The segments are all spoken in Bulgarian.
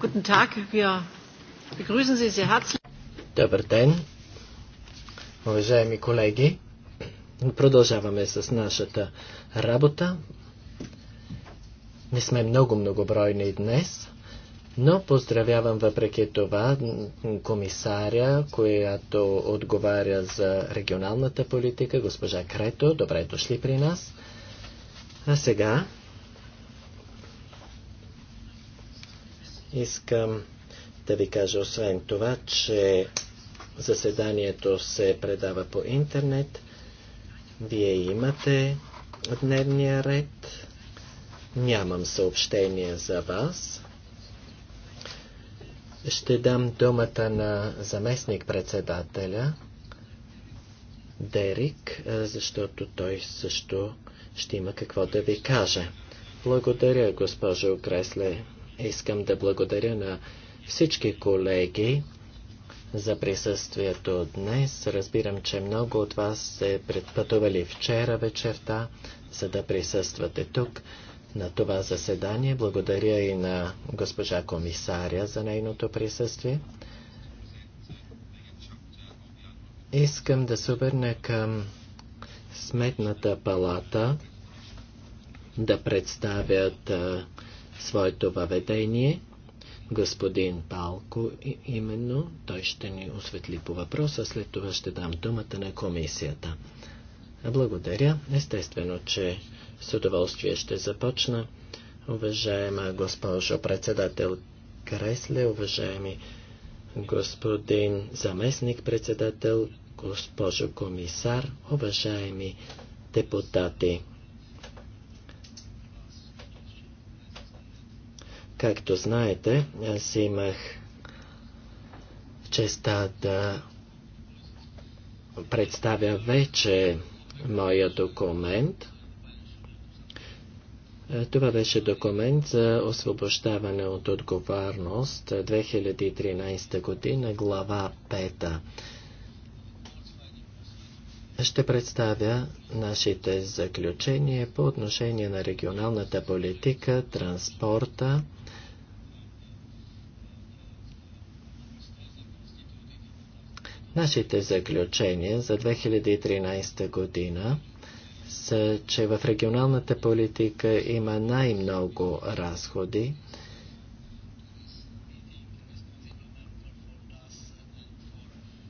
Guten Tag, wir begrüßen Sie sehr herzlich. Добър ден, уважаеми колеги. Продължаваме с нашата работа. Не сме много многобройни днес, но поздравявам въпреки това комисаря, която отговаря за регионалната политика, госпожа Крето. Добре дошли при нас. А сега Искам да ви кажа освен това, че заседанието се предава по интернет. Вие имате дневния ред. Нямам съобщение за вас. Ще дам думата на заместник-председателя Дерик, защото той също ще има какво да ви каже. Благодаря, госпожо Кресле. Искам да благодаря на всички колеги за присъствието днес. Разбирам, че много от вас се предпътували вчера вечерта, за да присъствате тук на това заседание. Благодаря и на госпожа комисаря за нейното присъствие. Искам да се обърна към Сметната палата да представят своето въведение. Господин Палко именно, той ще ни осветли по въпроса, след това ще дам думата на комисията. Благодаря. Естествено, че с удоволствие ще започна. Уважаема госпожо председател Кресле, уважаеми господин заместник председател, госпожо комисар, уважаеми депутати. Както знаете, аз имах честа да представя вече моя документ. Е, това беше документ за освобождаване от отговорност 2013 е, година, глава 5. Ще представя нашите заключения по отношение на регионалната политика, транспорта, Нашите заключения за 2013 година са, че в регионалната политика има най-много разходи.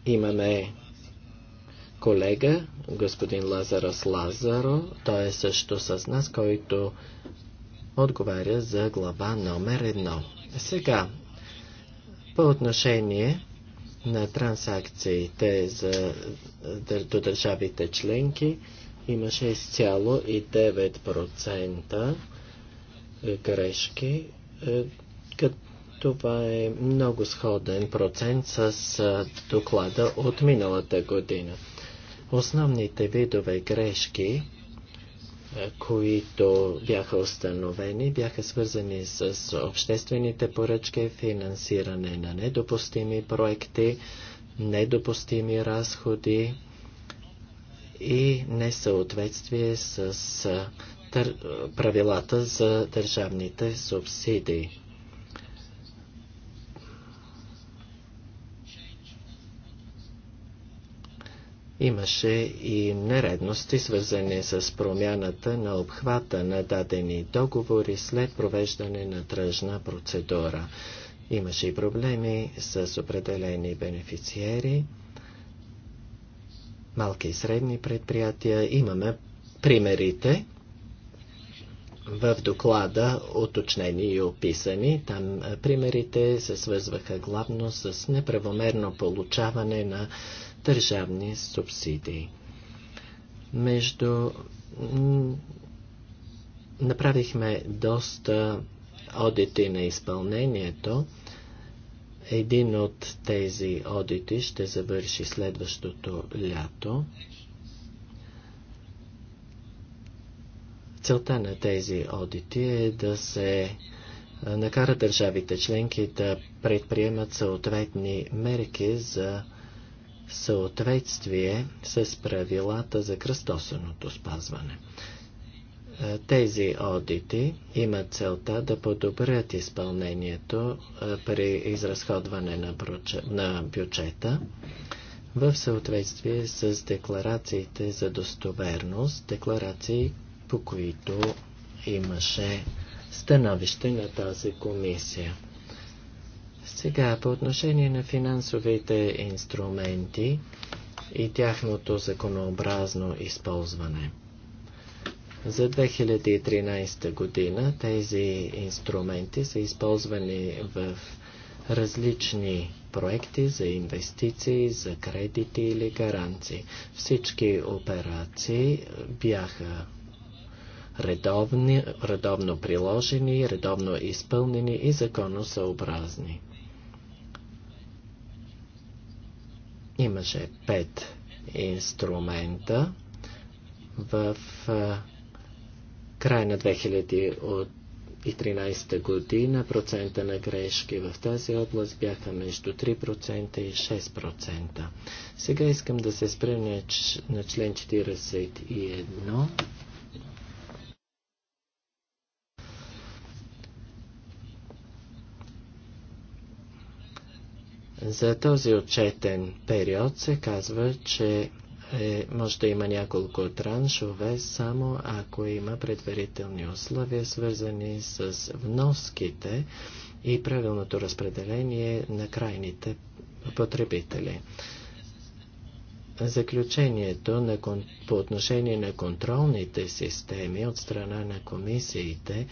Имаме колега, господин Лазарос Лазаро, той е също с нас, който отговаря за глава номер едно. Сега, по отношение на трансакциите за, до държавите членки имаше изцяло и 9% е, грешки, е, като това е много сходен процент с е, доклада от миналата година. Основните видове грешки които бяха установени, бяха свързани с обществените поръчки, финансиране на недопустими проекти, недопустими разходи и несъответствие с правилата за държавните субсидии. Имаше и нередности, свързани с промяната на обхвата на дадени договори след провеждане на тръжна процедура. Имаше и проблеми с определени бенефициери, малки и средни предприятия. Имаме примерите в доклада оточнени и описани. Там примерите се свързваха главно с неправомерно получаване на държавни субсидии. Между... Направихме доста одити на изпълнението. Един от тези одити ще завърши следващото лято. Целта на тези одити е да се накара държавите членки да предприемат съответни мерки за съответствие с правилата за кръстосаното спазване. Е, тези одити имат целта да подобрят изпълнението е, при изразходване на, на бюджета в съответствие с декларациите за достоверност, декларации по които имаше становище на тази комисия. Сега, по отношение на финансовите инструменти и тяхното законообразно използване. За 2013 година тези инструменти са използвани в различни проекти за инвестиции, за кредити или гаранции. Всички операции бяха редовни, редовно приложени, редовно изпълнени и законосъобразни. Имаше пет инструмента в края на 2013 година процента на грешки в тази област бяха между 3% и 6%. Сега искам да се спра на член 41 За този отчетен период се казва, че е, може да има няколко траншове, само ако има предварителни условия, свързани с вноските и правилното разпределение на крайните потребители. Заключението на, по отношение на контролните системи от страна на комисиите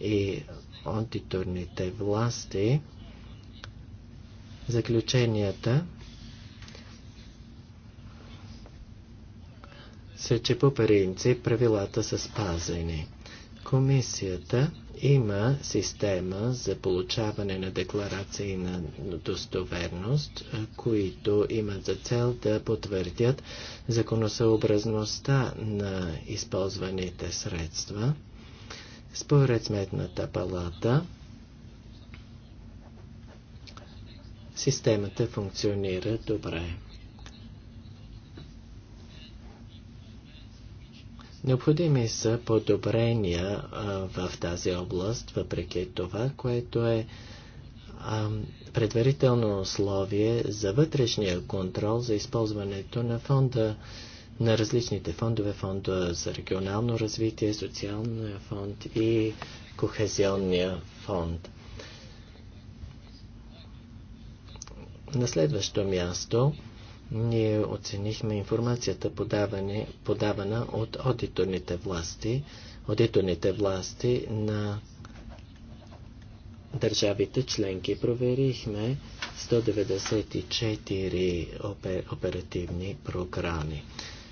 и аудиторните власти – Заключенията са, че по принцип правилата са спазени. Комисията има система за получаване на декларации на достоверност, които имат за цел да потвърдят законосъобразността на използваните средства. Според Сметната палата, системата функционира добре. Необходими са подобрения а, в тази област, въпреки това, което е а, предварително условие за вътрешния контрол за използването на фонда на различните фондове, фонда за регионално развитие, социалния фонд и кохезионния фонд. На следващо място ние оценихме информацията подаване, подавана от аудиторните власти, аудиторните власти на държавите членки. Проверихме 194 оперативни програми.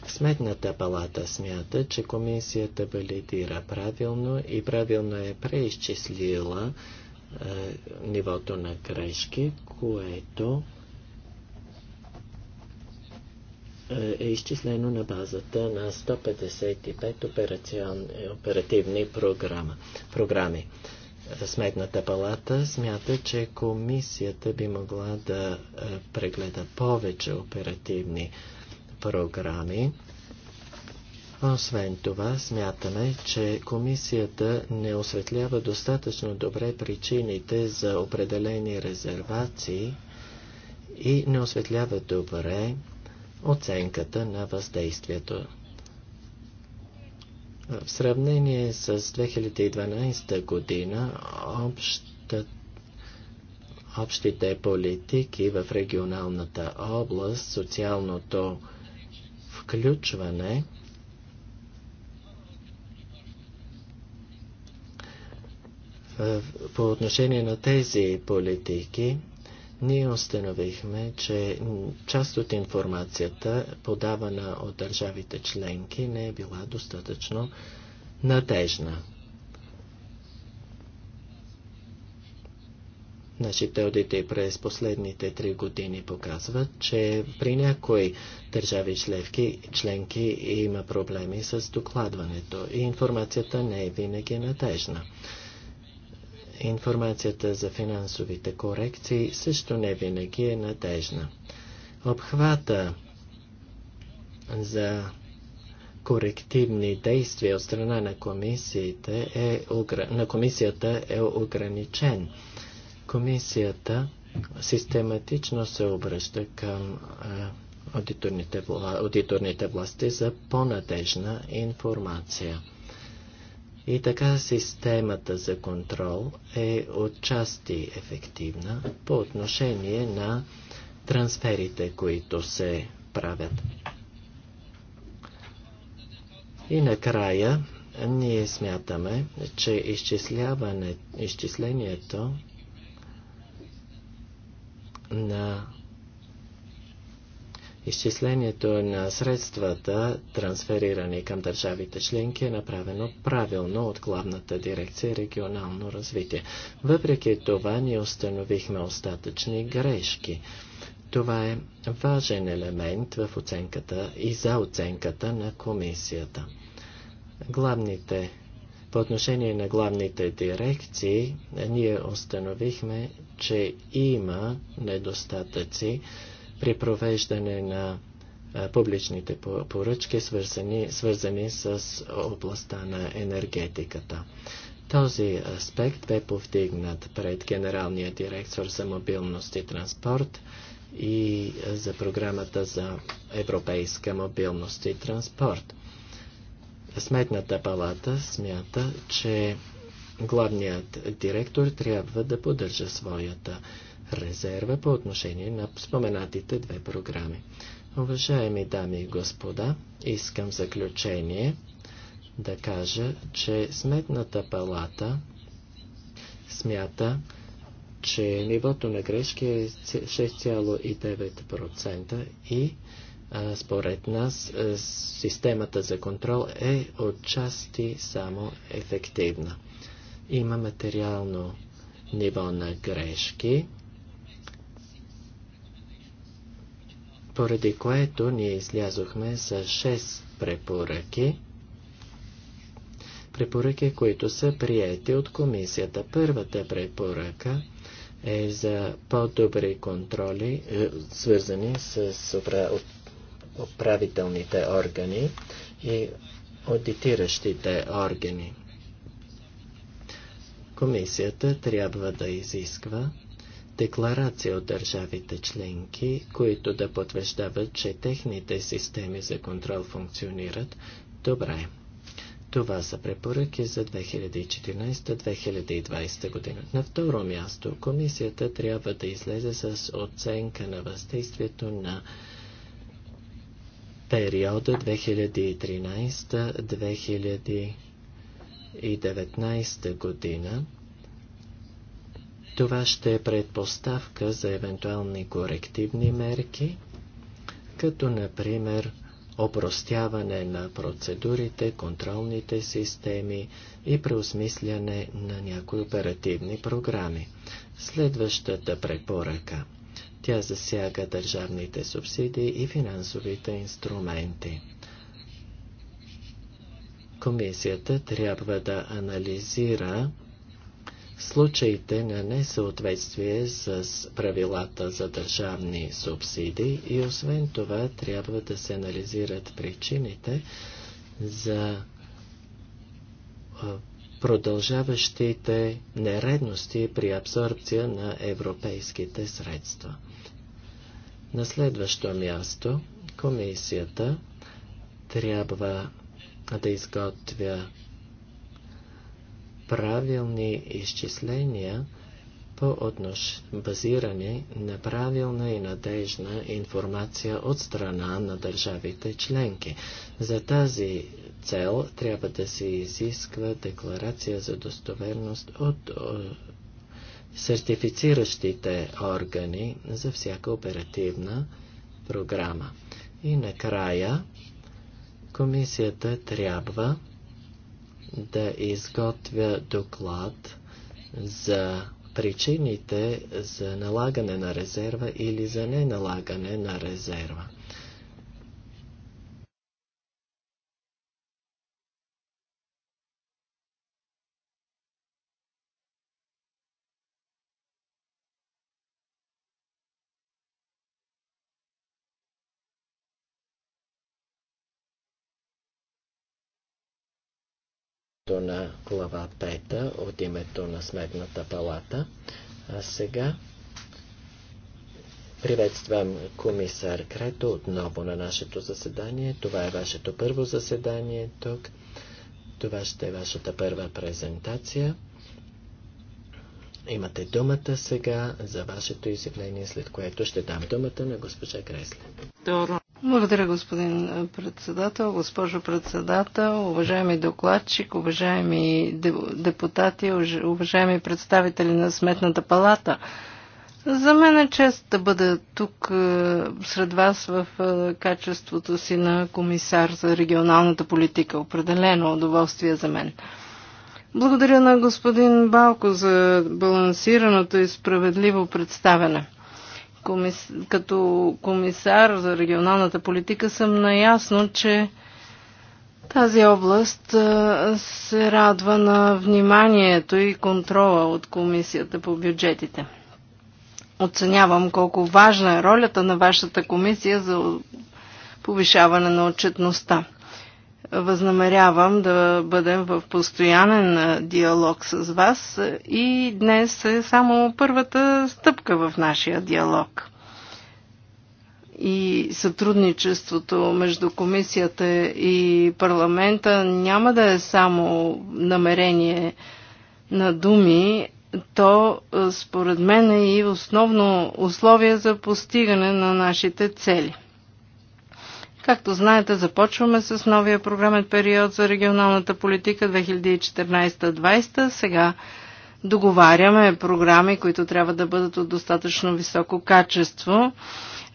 Сметната палата смята, че комисията валидира правилно и правилно е преизчислила е, нивото на грешки, което Е, е изчислено на базата на 155 операцион, оперативни програма, програми. Сметната палата смята, че комисията би могла да е, прегледа повече оперативни програми. Освен това, смятаме, че комисията не осветлява достатъчно добре причините за определени резервации и не осветлява добре оценката на въздействието. В сравнение с 2012 година обща, общите политики в регионалната област, социалното включване по отношение на тези политики ние установихме, че част от информацията, подавана от държавите членки, не е била достатъчно надежна. Нашите одите през последните три години показват, че при някои държави членки, членки има проблеми с докладването и информацията не е винаги надежна информацията за финансовите корекции също не винаги е надежна. Обхвата за корективни действия от страна на, комисиите е, на комисията е ограничен. Комисията систематично се обръща към аудиторните, аудиторните власти за по-надежна информация. И така системата за контрол е отчасти ефективна по отношение на трансферите, които се правят. И накрая ние смятаме, че изчисляване, изчислението на изчислението на средствата, трансферирани към държавите членки, е направено правилно от главната дирекция регионално развитие. Въпреки това, ние установихме остатъчни грешки. Това е важен елемент в оценката и за оценката на комисията. Главните по отношение на главните дирекции, ние установихме, че има недостатъци при провеждане на публичните поръчки, свързани, свързани с областта на енергетиката. Този аспект бе повдигнат пред генералния директор за мобилност и транспорт и за програмата за европейска мобилност и транспорт. Сметната палата смята, че главният директор трябва да поддържа своята резерва по отношение на споменатите две програми. Уважаеми дами и господа, искам заключение да кажа, че Сметната палата смята, че нивото на грешки е 6,9% и а, според нас системата за контрол е отчасти само ефективна. Има материално ниво на грешки, поради което ние излязохме с 6 препоръки, препоръки, които са приети от комисията. Първата препоръка е за по-добри контроли, е, свързани с управителните органи и аудитиращите органи. Комисията трябва да изисква декларация от държавите членки, които да потвърждават, че техните системи за контрол функционират добре. Това са препоръки за 2014-2020 година. На второ място, комисията трябва да излезе с оценка на въздействието на периода 2013-2019 година това ще е предпоставка за евентуални корективни мерки, като например опростяване на процедурите, контролните системи и преосмисляне на някои оперативни програми. Следващата препоръка. Тя засяга държавните субсидии и финансовите инструменти. Комисията трябва да анализира случаите на несъответствие с правилата за държавни субсидии и освен това трябва да се анализират причините за продължаващите нередности при абсорбция на европейските средства. На следващо място комисията трябва да изготвя правилни изчисления по отнош базиране на правилна и надежна информация от страна на държавите членки. За тази цел трябва да се изисква декларация за достоверност от сертифициращите органи за всяка оперативна програма. И накрая комисията трябва да изготвя доклад за причините за налагане на резерва или за неналагане на резерва. името на глава 5, от името на Сметната палата. А сега приветствам комисар Крето отново на нашето заседание. Това е вашето първо заседание тук. Това ще е вашата първа презентация. Имате думата сега за вашето изявление, след което ще дам думата на госпожа Кресле. Благодаря, господин председател, госпожо председател, уважаеми докладчик, уважаеми депутати, уважаеми представители на Сметната палата. За мен е чест да бъда тук сред вас в качеството си на комисар за регионалната политика. Определено удоволствие за мен. Благодаря на господин Балко за балансираното и справедливо представяне комис... като комисар за регионалната политика съм наясно, че тази област се радва на вниманието и контрола от Комисията по бюджетите. Оценявам колко важна е ролята на вашата комисия за повишаване на отчетността възнамерявам да бъдем в постоянен диалог с вас и днес е само първата стъпка в нашия диалог. И сътрудничеството между комисията и парламента няма да е само намерение на думи, то според мен е и основно условие за постигане на нашите цели. Както знаете, започваме с новия програмен период за регионалната политика 2014-2020. Сега договаряме програми, които трябва да бъдат от достатъчно високо качество.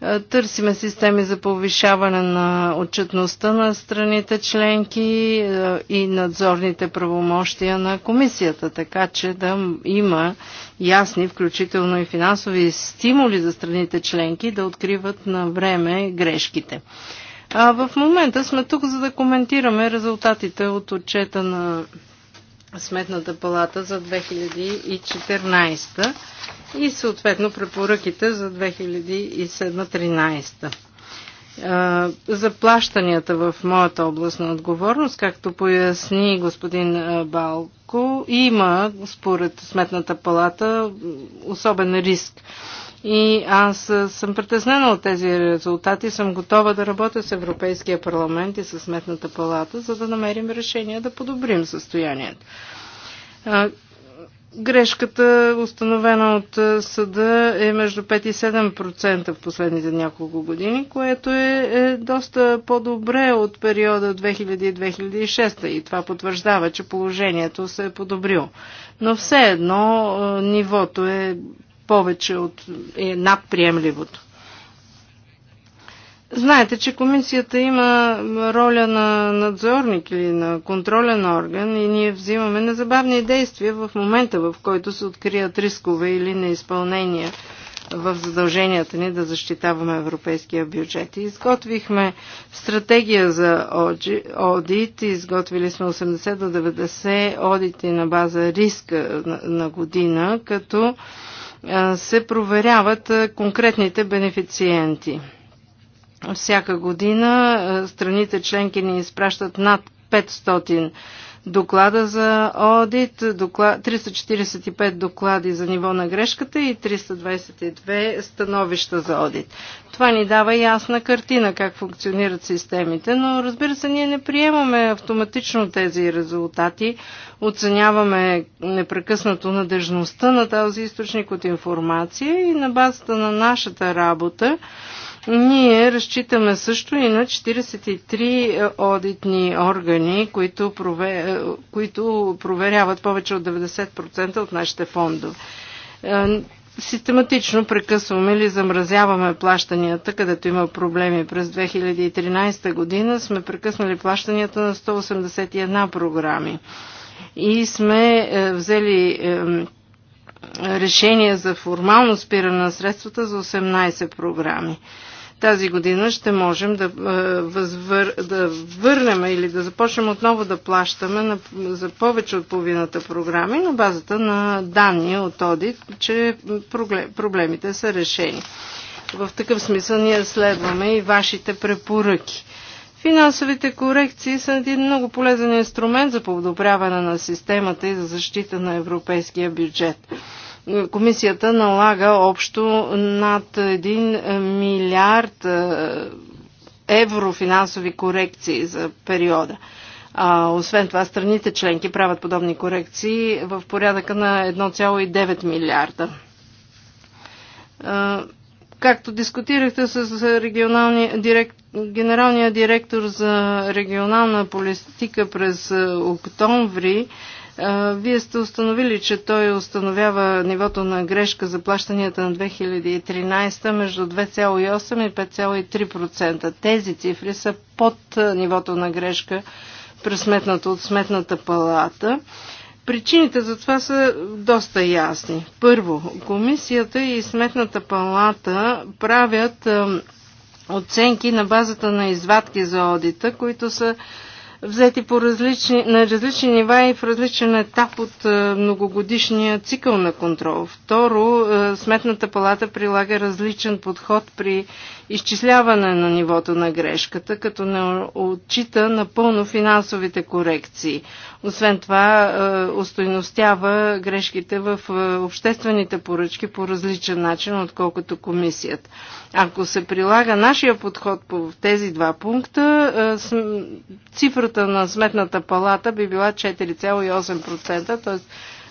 Е, търсиме системи за повишаване на отчетността на страните членки е, и надзорните правомощия на комисията, така че да има ясни, включително и финансови стимули за страните членки да откриват на време грешките. А в момента сме тук, за да коментираме резултатите от отчета на Сметната палата за 2014 и съответно препоръките за 2007-2013 заплащанията в моята област на отговорност, както поясни господин Балко, има според Сметната палата особен риск и аз съм притеснена от тези резултати. Съм готова да работя с Европейския парламент и с Сметната палата, за да намерим решение да подобрим състоянието. Грешката, установена от съда, е между 5 и 7% в последните няколко години, което е, е доста по-добре от периода 2000-2006 и това потвърждава, че положението се е подобрило. Но все едно нивото е повече от, е над приемливото. Знаете, че комисията има роля на надзорник или на контролен орган и ние взимаме незабавни действия в момента, в който се открият рискове или неизпълнения в задълженията ни да защитаваме европейския бюджет. изготвихме стратегия за одит, изготвили сме 80 до 90 одити на база риска на година, като се проверяват конкретните бенефициенти. Всяка година страните членки ни изпращат над 500 доклада за одит, доклад, 345 доклади за ниво на грешката и 322 становища за одит. Това ни дава ясна картина как функционират системите, но разбира се, ние не приемаме автоматично тези резултати. Оценяваме непрекъснато надежността на този източник от информация и на базата на нашата работа ние разчитаме също и на 43 е, одитни органи, които, провер... Е, които проверяват повече от 90% от нашите фондове. Е, систематично прекъсваме или замразяваме плащанията, където има проблеми. През 2013 година сме прекъснали плащанията на 181 програми и сме взели решение за формално спиране на средствата за 18 програми тази година ще можем да, е, възвър, да върнем или да започнем отново да плащаме на, за повече от половината програми на базата на данни от одит, че проблемите са решени. В такъв смисъл ние следваме и вашите препоръки. Финансовите корекции са един много полезен инструмент за подобряване на системата и за защита на европейския бюджет комисията налага общо над 1 милиард е, евро финансови корекции за периода. А, освен това, страните членки правят подобни корекции в порядъка на 1,9 милиарда. А, както дискутирахте с регионални, директ, генералния директор за регионална политика през е, октомври, вие сте установили, че той установява нивото на грешка за плащанията на 2013 между 2,8 и 5,3%. Тези цифри са под нивото на грешка, пресметнато от Сметната палата. Причините за това са доста ясни. Първо, комисията и Сметната палата правят оценки на базата на извадки за одита, които са взети по различни, на различни нива и в различен етап от е, многогодишния цикъл на контрол. Второ, е, Сметната палата прилага различен подход при изчисляване на нивото на грешката, като не отчита напълно финансовите корекции. Освен това, е, устойностява грешките в е, обществените поръчки по различен начин, отколкото комисията. Ако се прилага нашия подход по тези два пункта, е, цифрата на сметната палата би била 4,8%, т.е.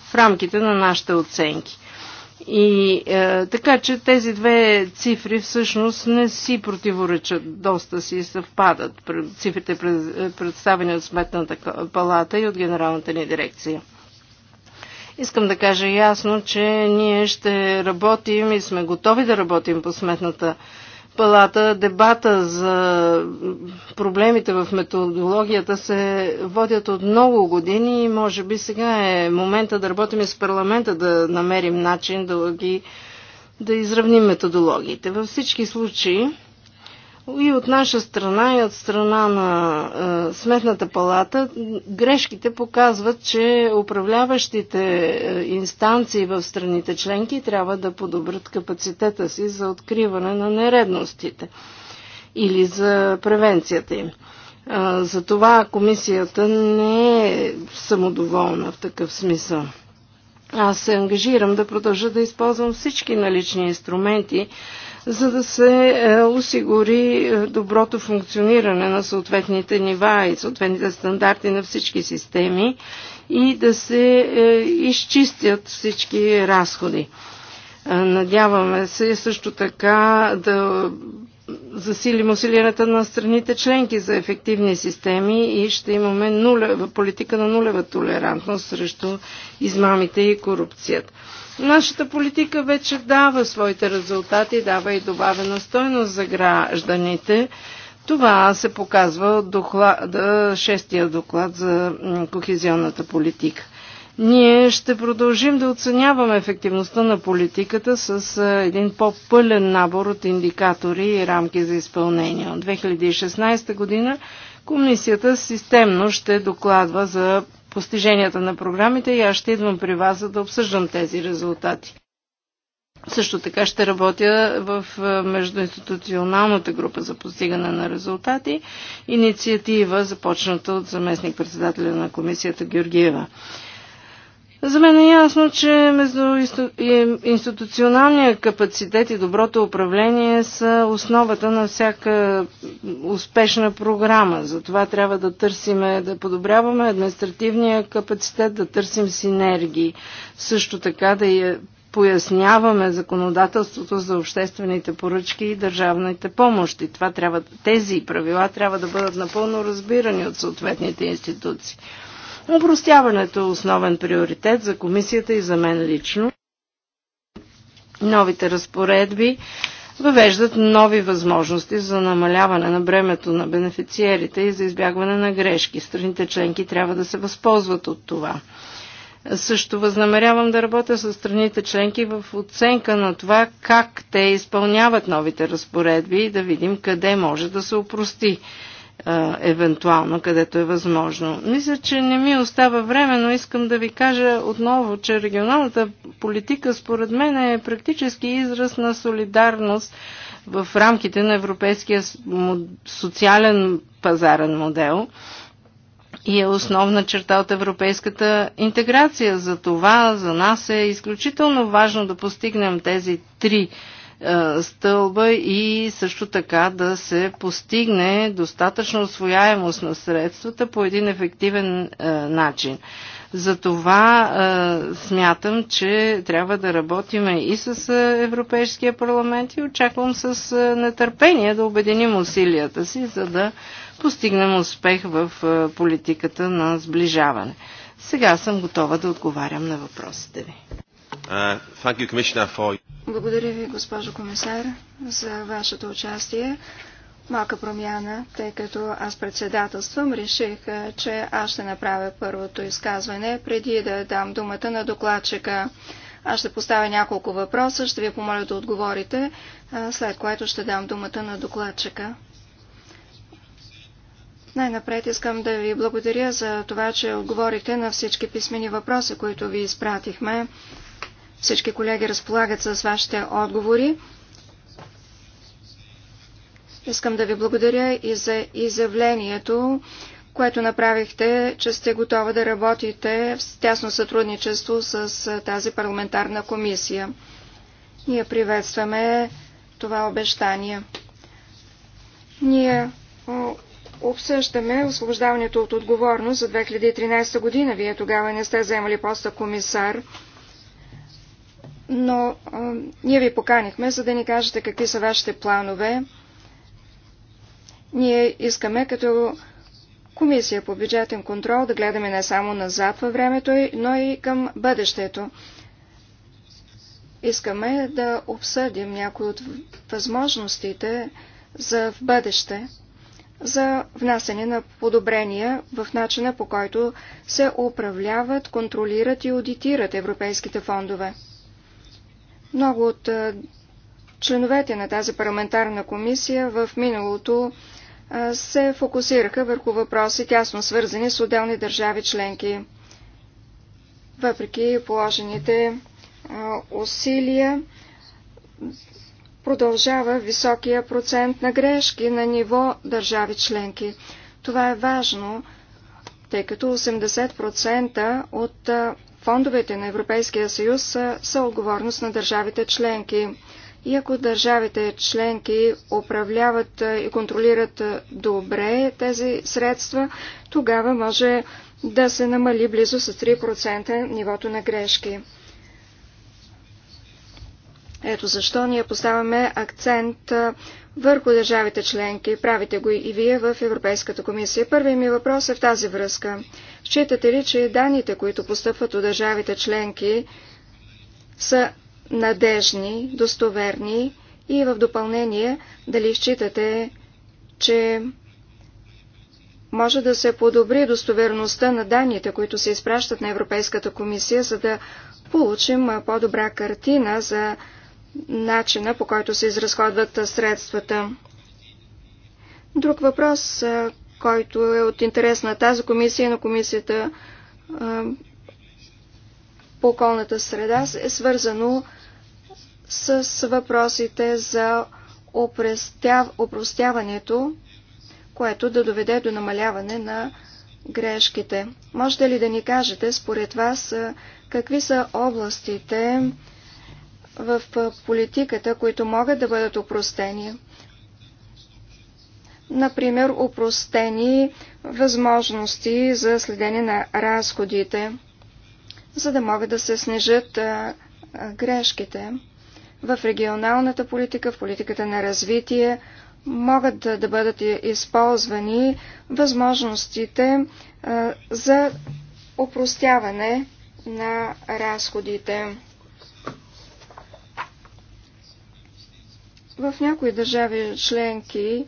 в рамките на нашите оценки. И е, така, че тези две цифри всъщност не си противоречат, доста си съвпадат цифрите, е, представени от Сметната палата и от Генералната ни дирекция. Искам да кажа ясно, че ние ще работим и сме готови да работим по Сметната палата палата дебата за проблемите в методологията се водят от много години и може би сега е момента да работим с парламента, да намерим начин да ги да изравним методологиите. Във всички случаи и от наша страна, и от страна на е, Сметната палата, грешките показват, че управляващите е, инстанции в страните членки трябва да подобрят капацитета си за откриване на нередностите или за превенцията им. Е, Затова комисията не е самодоволна в такъв смисъл. Аз се ангажирам да продължа да използвам всички налични инструменти, за да се е, осигури е, доброто функциониране на съответните нива и съответните стандарти на всички системи и да се е, изчистят всички разходи. Надяваме се също така да засилим усилията на страните членки за ефективни системи и ще имаме нулева, политика на нулева толерантност срещу измамите и корупцията. Нашата политика вече дава своите резултати, дава и добавена стойност за гражданите. Това се показва от доклада, шестия доклад за кохезионната политика. Ние ще продължим да оценяваме ефективността на политиката с един по-пълен набор от индикатори и рамки за изпълнение. От 2016 година комисията системно ще докладва за постиженията на програмите и аз ще идвам при вас, за да обсъждам тези резултати. Също така ще работя в е, междуинституционалната група за постигане на резултати, инициатива започната от заместник-председателя на комисията Георгиева. За мен е ясно, че между институционалния капацитет и доброто управление са основата на всяка успешна програма. Затова трябва да търсиме, да подобряваме административния капацитет, да търсим синергии. Също така да я поясняваме законодателството за обществените поръчки и държавните помощи. Това трябва, тези правила трябва да бъдат напълно разбирани от съответните институции. Обростяването е основен приоритет за комисията и за мен лично. Новите разпоредби въвеждат нови възможности за намаляване на бремето на бенефициерите и за избягване на грешки. Страните членки трябва да се възползват от това. Също възнамерявам да работя с страните членки в оценка на това как те изпълняват новите разпоредби и да видим къде може да се опрости а, евентуално, където е възможно. Мисля, че не ми остава време, но искам да ви кажа отново, че регионалната политика според мен е практически израз на солидарност в рамките на европейския социален пазарен модел и е основна черта от европейската интеграция. За това за нас е изключително важно да постигнем тези три е, стълба и също така да се постигне достатъчна освояемост на средствата по един ефективен е, начин. Затова е, смятам, че трябва да работим и с е, Европейския парламент и очаквам с нетърпение да обединим усилията си, за да постигнем успех в политиката на сближаване. Сега съм готова да отговарям на въпросите ви. Uh, you, благодаря ви, госпожо комисар, за вашето участие. Малка промяна, тъй като аз председателствам, реших, че аз ще направя първото изказване, преди да дам думата на докладчика. Аз ще поставя няколко въпроса, ще ви помоля да отговорите, след което ще дам думата на докладчика. Най-напред искам да ви благодаря за това, че отговорите на всички писмени въпроси, които ви изпратихме. Всички колеги разполагат с вашите отговори. Искам да ви благодаря и за изявлението, което направихте, че сте готова да работите в тясно сътрудничество с тази парламентарна комисия. Ние приветстваме това обещание. Ние обсъждаме освобождаването от отговорност за 2013 година. Вие тогава не сте вземали поста комисар но а, ние ви поканихме, за да ни кажете какви са вашите планове. Ние искаме като Комисия по бюджетен контрол да гледаме не само назад във времето, но и към бъдещето. Искаме да обсъдим някои от възможностите за в бъдеще, за внасене на подобрения в начина по който се управляват, контролират и аудитират европейските фондове. Много от членовете на тази парламентарна комисия в миналото се фокусираха върху въпроси, тясно свързани с отделни държави членки. Въпреки положените усилия, продължава високия процент на грешки на ниво държави членки. Това е важно, тъй като 80% от фондовете на Европейския съюз са, са отговорност на държавите членки. И ако държавите членки управляват и контролират добре тези средства, тогава може да се намали близо с 3% нивото на грешки. Ето защо ние поставяме акцент върху държавите членки. Правите го и вие в Европейската комисия. Първият ми въпрос е в тази връзка. Считате ли, че данните, които постъпват от държавите членки, са надежни, достоверни и в допълнение дали считате, че може да се подобри достоверността на данните, които се изпращат на Европейската комисия, за да получим по-добра картина за начина по който се изразходват средствата. Друг въпрос, който е от интерес на тази комисия и на комисията по околната среда, е свързано с въпросите за опростяването, което да доведе до намаляване на грешките. Можете ли да ни кажете, според вас, какви са областите, в политиката, които могат да бъдат упростени. Например, упростени възможности за следение на разходите, за да могат да се снижат грешките. В регионалната политика, в политиката на развитие могат да бъдат използвани възможностите за упростяване на разходите. В някои държави членки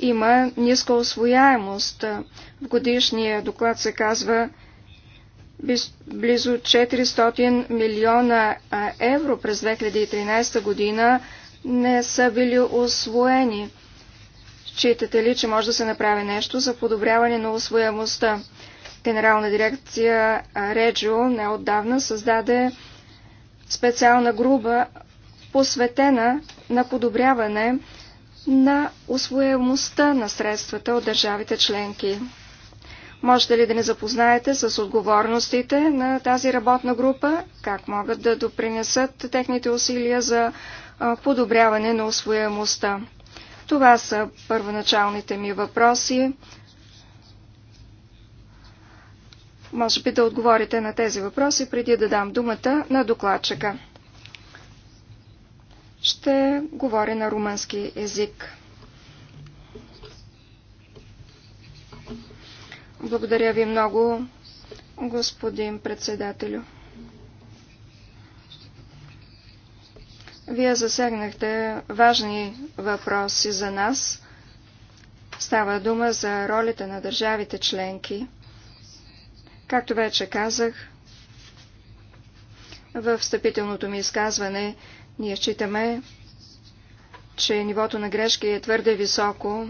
има ниска освояемост. В годишния доклад се казва близо 400 милиона евро през 2013 година не са били освоени. Считате ли, че може да се направи нещо за подобряване на освоемостта? Генерална дирекция Реджо неотдавна създаде специална груба, посветена на подобряване на освоемостта на средствата от държавите членки. Можете ли да ни запознаете с отговорностите на тази работна група? Как могат да допринесат техните усилия за подобряване на освоемостта? Това са първоначалните ми въпроси. Може би да отговорите на тези въпроси преди да дам думата на докладчика ще говоря на румънски език. Благодаря ви много, господин председателю. Вие засегнахте важни въпроси за нас. Става дума за ролите на държавите членки. Както вече казах, в встъпителното ми изказване ние считаме, че нивото на грешки е твърде високо,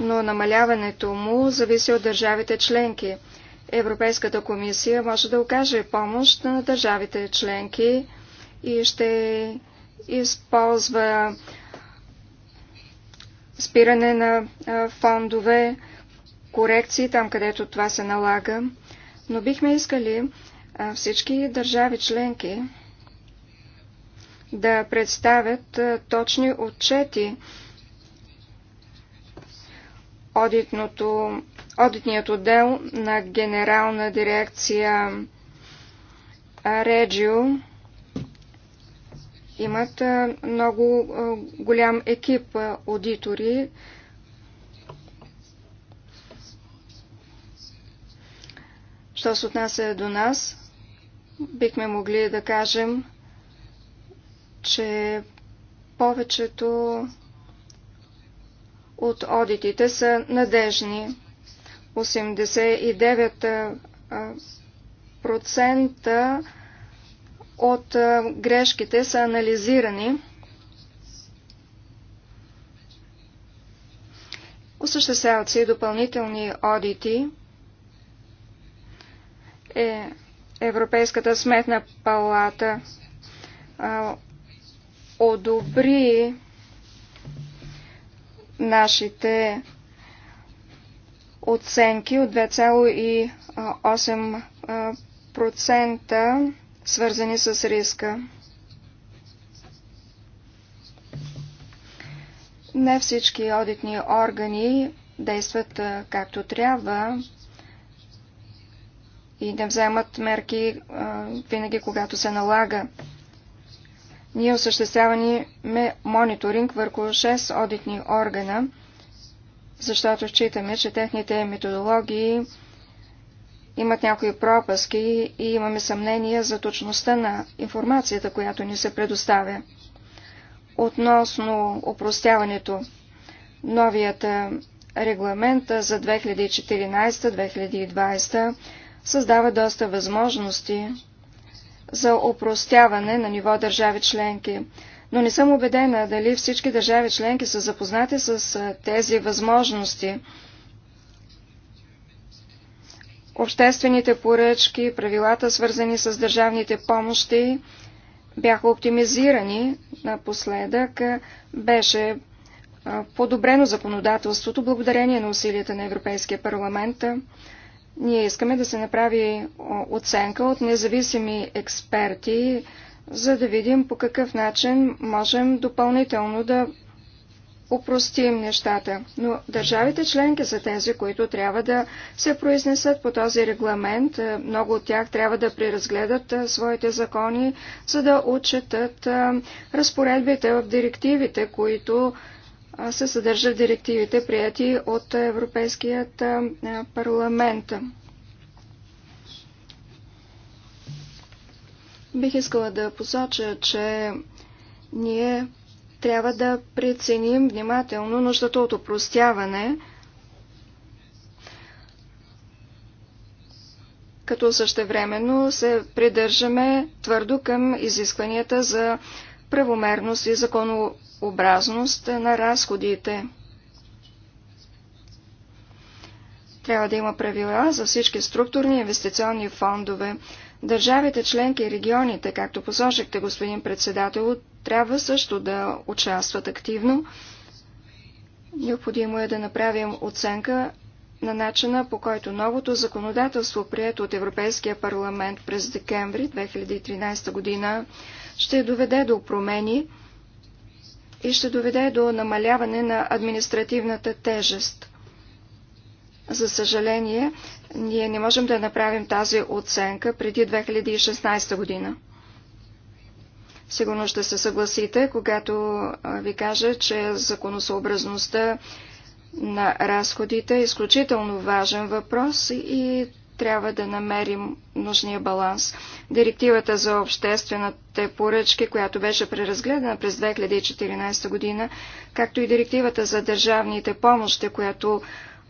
но намаляването му зависи от държавите членки. Европейската комисия може да окаже помощ на държавите членки и ще използва спиране на фондове, корекции там, където това се налага. Но бихме искали всички държави членки да представят е, точни отчети. Одитното, одитният отдел на Генерална дирекция е, Реджио имат е, много голям екип аудитори. Що се отнася до нас, бихме могли да кажем, че повечето от одитите са надежни. 89% от грешките са анализирани. Осъществяват се и допълнителни одити. Е, Европейската сметна палата одобри нашите оценки от 2,8% свързани с риска. Не всички одитни органи действат както трябва и не вземат мерки винаги, когато се налага. Ние осъществяваме мониторинг върху 6 одитни органа, защото считаме, че техните методологии имат някои пропаски и имаме съмнение за точността на информацията, която ни се предоставя. Относно упростяването, новият регламент за 2014-2020 създава доста възможности за опростяване на ниво държави членки. Но не съм убедена дали всички държави членки са запознати с тези възможности. Обществените поръчки, правилата свързани с държавните помощи бяха оптимизирани напоследък. Беше подобрено законодателството благодарение на усилията на Европейския парламент. Ние искаме да се направи оценка от независими експерти, за да видим по какъв начин можем допълнително да упростим нещата. Но държавите членки са тези, които трябва да се произнесат по този регламент. Е, много от тях трябва да преразгледат е, своите закони, за да отчетат е, разпоредбите в директивите, които се съдържа в директивите, прияти от Европейският парламент. Бих искала да посоча, че ние трябва да преценим внимателно нуждата от опростяване, като същевременно се придържаме твърдо към изискванията за правомерност и законово целесообразност е на разходите. Трябва да има правила за всички структурни инвестиционни фондове. Държавите членки и регионите, както посочихте, господин председател, трябва също да участват активно. Необходимо е да направим оценка на начина по който новото законодателство, прието от Европейския парламент през декември 2013 година, ще доведе до промени и ще доведе до намаляване на административната тежест. За съжаление, ние не можем да направим тази оценка преди 2016 година. Сигурно ще се съгласите, когато ви кажа, че законосъобразността на разходите е изключително важен въпрос и трябва да намерим нужния баланс. Директивата за обществените поръчки, която беше преразгледана през 2014 година, както и директивата за държавните помощи, която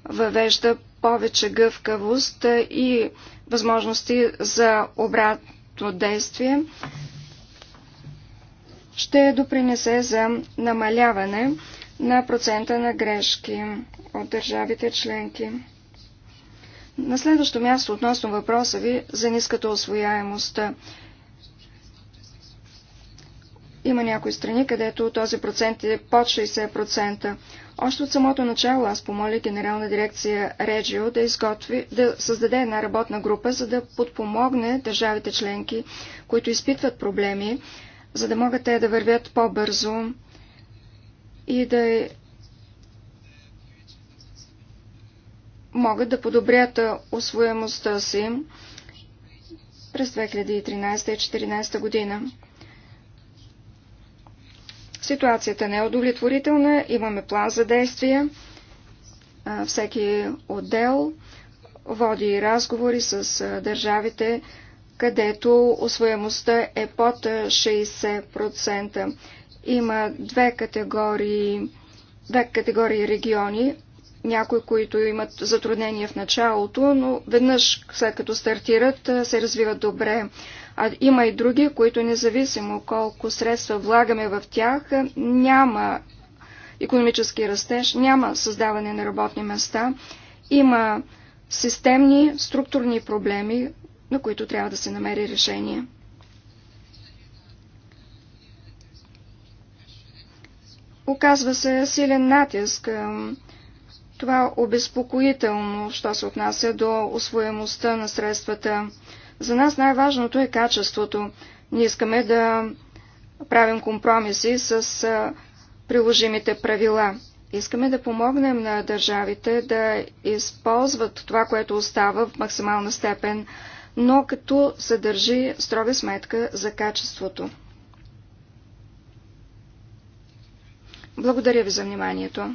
въвежда повече гъвкавост и възможности за обратно действие, ще допринесе за намаляване на процента на грешки от държавите членки. На следващо място относно въпроса ви за ниската освояемост. Има някои страни, където този процент е под 60%. Още от самото начало аз помолих Генерална дирекция Реджио да изготви, да създаде една работна група, за да подпомогне държавите членки, които изпитват проблеми, за да могат те да вървят по-бързо и да могат да подобрят освоемостта си през 2013-2014 година. Ситуацията не е удовлетворителна, имаме план за действие. Всеки отдел води разговори с държавите, където освоемостта е под 60%. Има две категории, две категории региони, някои, които имат затруднения в началото, но веднъж след като стартират, се развиват добре. А има и други, които независимо колко средства влагаме в тях, няма економически растеж, няма създаване на работни места, има системни, структурни проблеми, на които трябва да се намери решение. Оказва се силен натиск това е обезпокоително, що се отнася до освоемостта на средствата. За нас най-важното е качеството. Ние искаме да правим компромиси с приложимите правила. Искаме да помогнем на държавите да използват това, което остава в максимална степен, но като съдържи строга сметка за качеството. Благодаря ви за вниманието.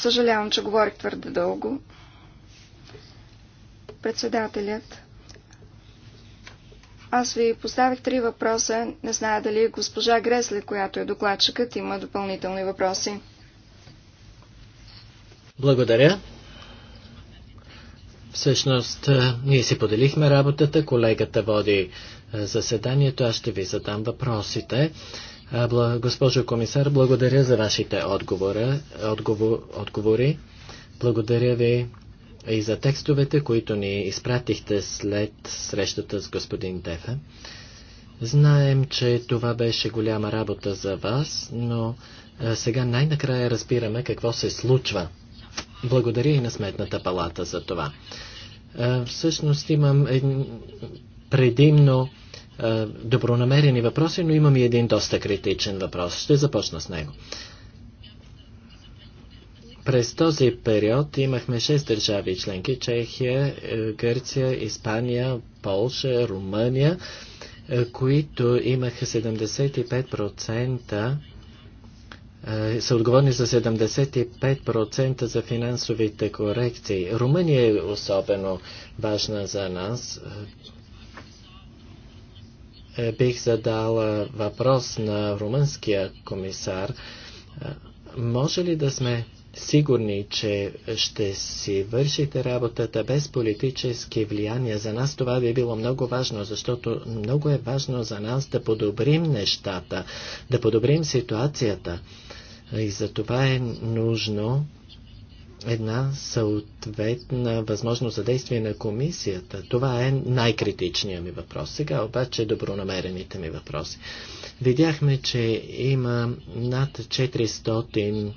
Съжалявам, че говорих твърде дълго. Председателят. Аз ви поставих три въпроса. Не зная дали госпожа Гресли, която е докладчикът, има допълнителни въпроси. Благодаря. Всъщност, е, ние си поделихме работата, колегата води е, заседанието, аз ще ви задам въпросите. Госпожо комисар, благодаря за вашите отговора, отговор, отговори. Благодаря ви и за текстовете, които ни изпратихте след срещата с господин Дефе. Знаем, че това беше голяма работа за вас, но сега най-накрая разбираме какво се случва. Благодаря и на Сметната палата за това. Всъщност имам предимно е, добронамерени въпроси, но имам и един доста критичен въпрос. Ще започна с него. През този период имахме 6 държави членки Чехия, е, Гърция, Испания, Полша, Румъния, е, които имаха 75% са отговорни за 75% за финансовите корекции. Румъния е особено важна за нас. Е, бих задал въпрос на румънския комисар. Е, може ли да сме сигурни, че ще си вършите работата без политически влияния. За нас това би било много важно, защото много е важно за нас да подобрим нещата, да подобрим ситуацията. И за това е нужно една съответна възможност за действие на комисията. Това е най-критичният ми въпрос. Сега обаче добронамерените ми въпроси. Видяхме, че има над 400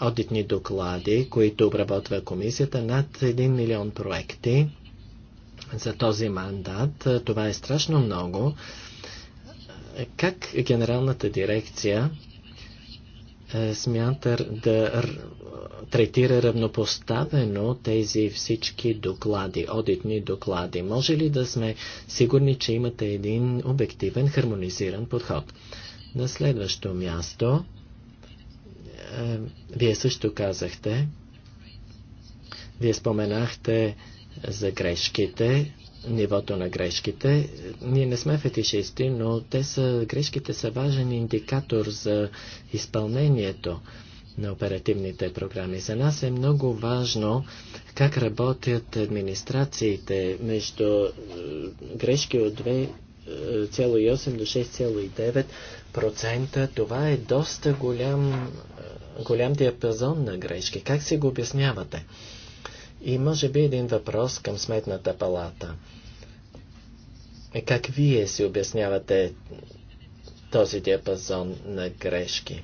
одитни доклади, които обработва комисията, над 1 милион проекти за този мандат. Това е страшно много. Как генералната дирекция е, смята да третира равнопоставено тези всички доклади, одитни доклади. Може ли да сме сигурни, че имате един обективен, хармонизиран подход? На следващо място, е, вие също казахте, вие споменахте за грешките, нивото на грешките. Ние не сме фетишисти, но те са, грешките са важен индикатор за изпълнението на оперативните програми. За нас е много важно как работят администрациите между е, грешки от 2,8 е, до 6,9%. Това е доста голям, е, голям диапазон на грешки. Как си го обяснявате? И може би един въпрос към Сметната палата. Е, как вие си обяснявате този диапазон на грешки?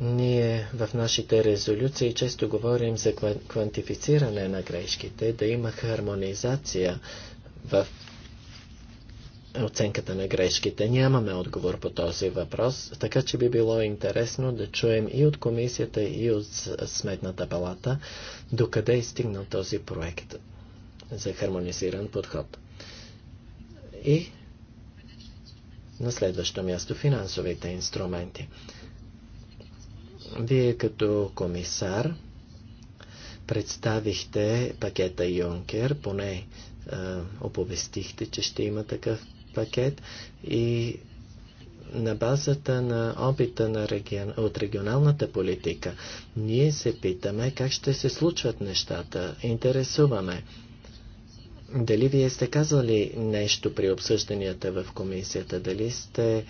Ние в нашите резолюции често говорим за квантифициране на грешките, да има хармонизация в оценката на грешките. Нямаме отговор по този въпрос, така че би било интересно да чуем и от комисията, и от Сметната палата, докъде е стигнал този проект за хармонизиран подход. И на следващо място финансовите инструменти. Вие като комисар представихте пакета Юнкер, поне оповестихте, че ще има такъв пакет и на базата на опита на регион, от регионалната политика, ние се питаме как ще се случват нещата. Интересуваме. Дали вие сте казали нещо при обсъжданията в комисията? Дали сте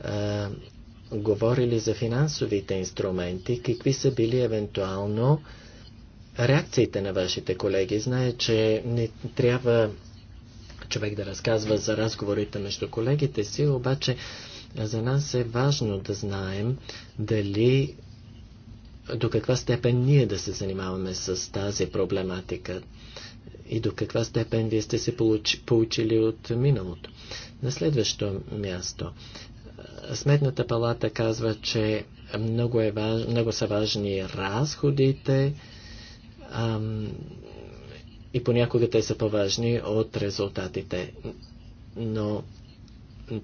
а, говорили за финансовите инструменти? Какви са били евентуално реакциите на вашите колеги? Знае, че не трябва човек да разказва за разговорите между колегите си, обаче за нас е важно да знаем дали до каква степен ние да се занимаваме с тази проблематика и до каква степен вие сте се получили от миналото. На следващо място. Сметната палата казва, че много, е важ... много са важни разходите, ам, и понякога те са по-важни от резултатите. Но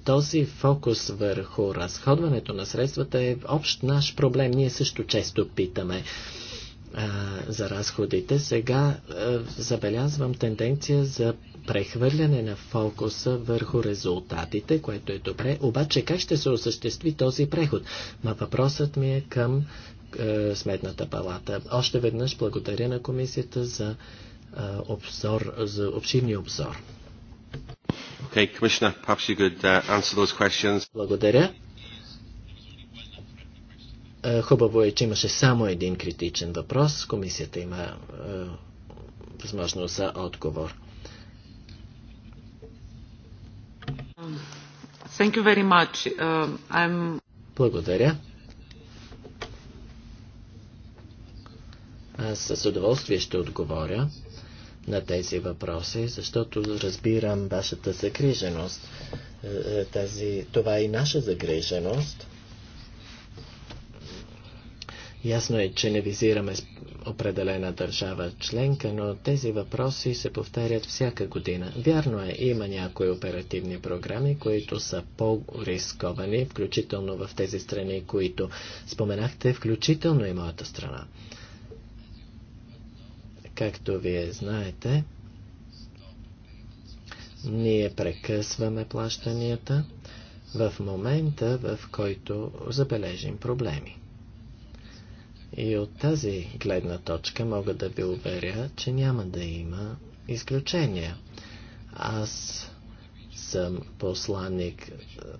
този фокус върху разходването на средствата е общ наш проблем. Ние също често питаме а, за разходите. Сега а, забелязвам тенденция за прехвърляне на фокуса върху резултатите, което е добре. Обаче как ще се осъществи този преход? Ма въпросът ми е към е, Сметната палата. Още веднъж благодаря на комисията за е, обзор, за обширния обзор. Okay, Commissioner, perhaps you could uh, answer those questions. Благодаря. Е, хубаво е, че имаше само един критичен въпрос. Комисията има е, възможност за отговор. Thank you very much. Uh, I'm... Благодаря. Аз с удоволствие ще отговоря на тези въпроси, защото разбирам вашата загриженост. Е, е, тази, това е и наша загриженост. Ясно е, че не визираме определена държава членка, но тези въпроси се повтарят всяка година. Вярно е, има някои оперативни програми, които са по-рисковани, включително в тези страни, които споменахте, включително и моята страна. Както вие знаете, ние прекъсваме плащанията в момента, в който забележим проблеми. И от тази гледна точка мога да ви уверя, че няма да има изключения. Аз съм посланник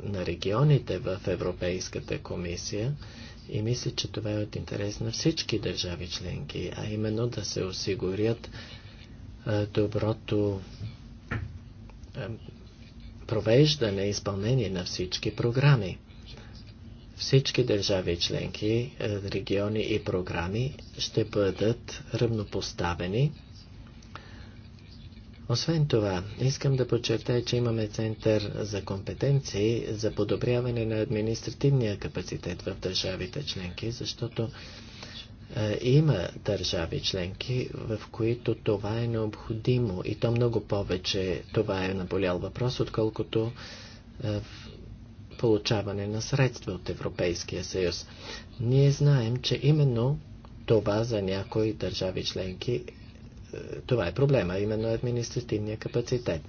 на регионите в Европейската комисия и мисля, че това е от интерес на всички държави членки, а именно да се осигурят доброто провеждане и изпълнение на всички програми. Всички държави членки, региони и програми ще бъдат равнопоставени освен това, искам да подчертая, че имаме център за компетенции за подобряване на административния капацитет в държавите членки, защото е, има държави членки, в които това е необходимо и то много повече това е наболял въпрос, отколкото е, получаване на средства от Европейския съюз. Ние знаем, че именно това за някои държави членки е, това е проблема, именно административния капацитет.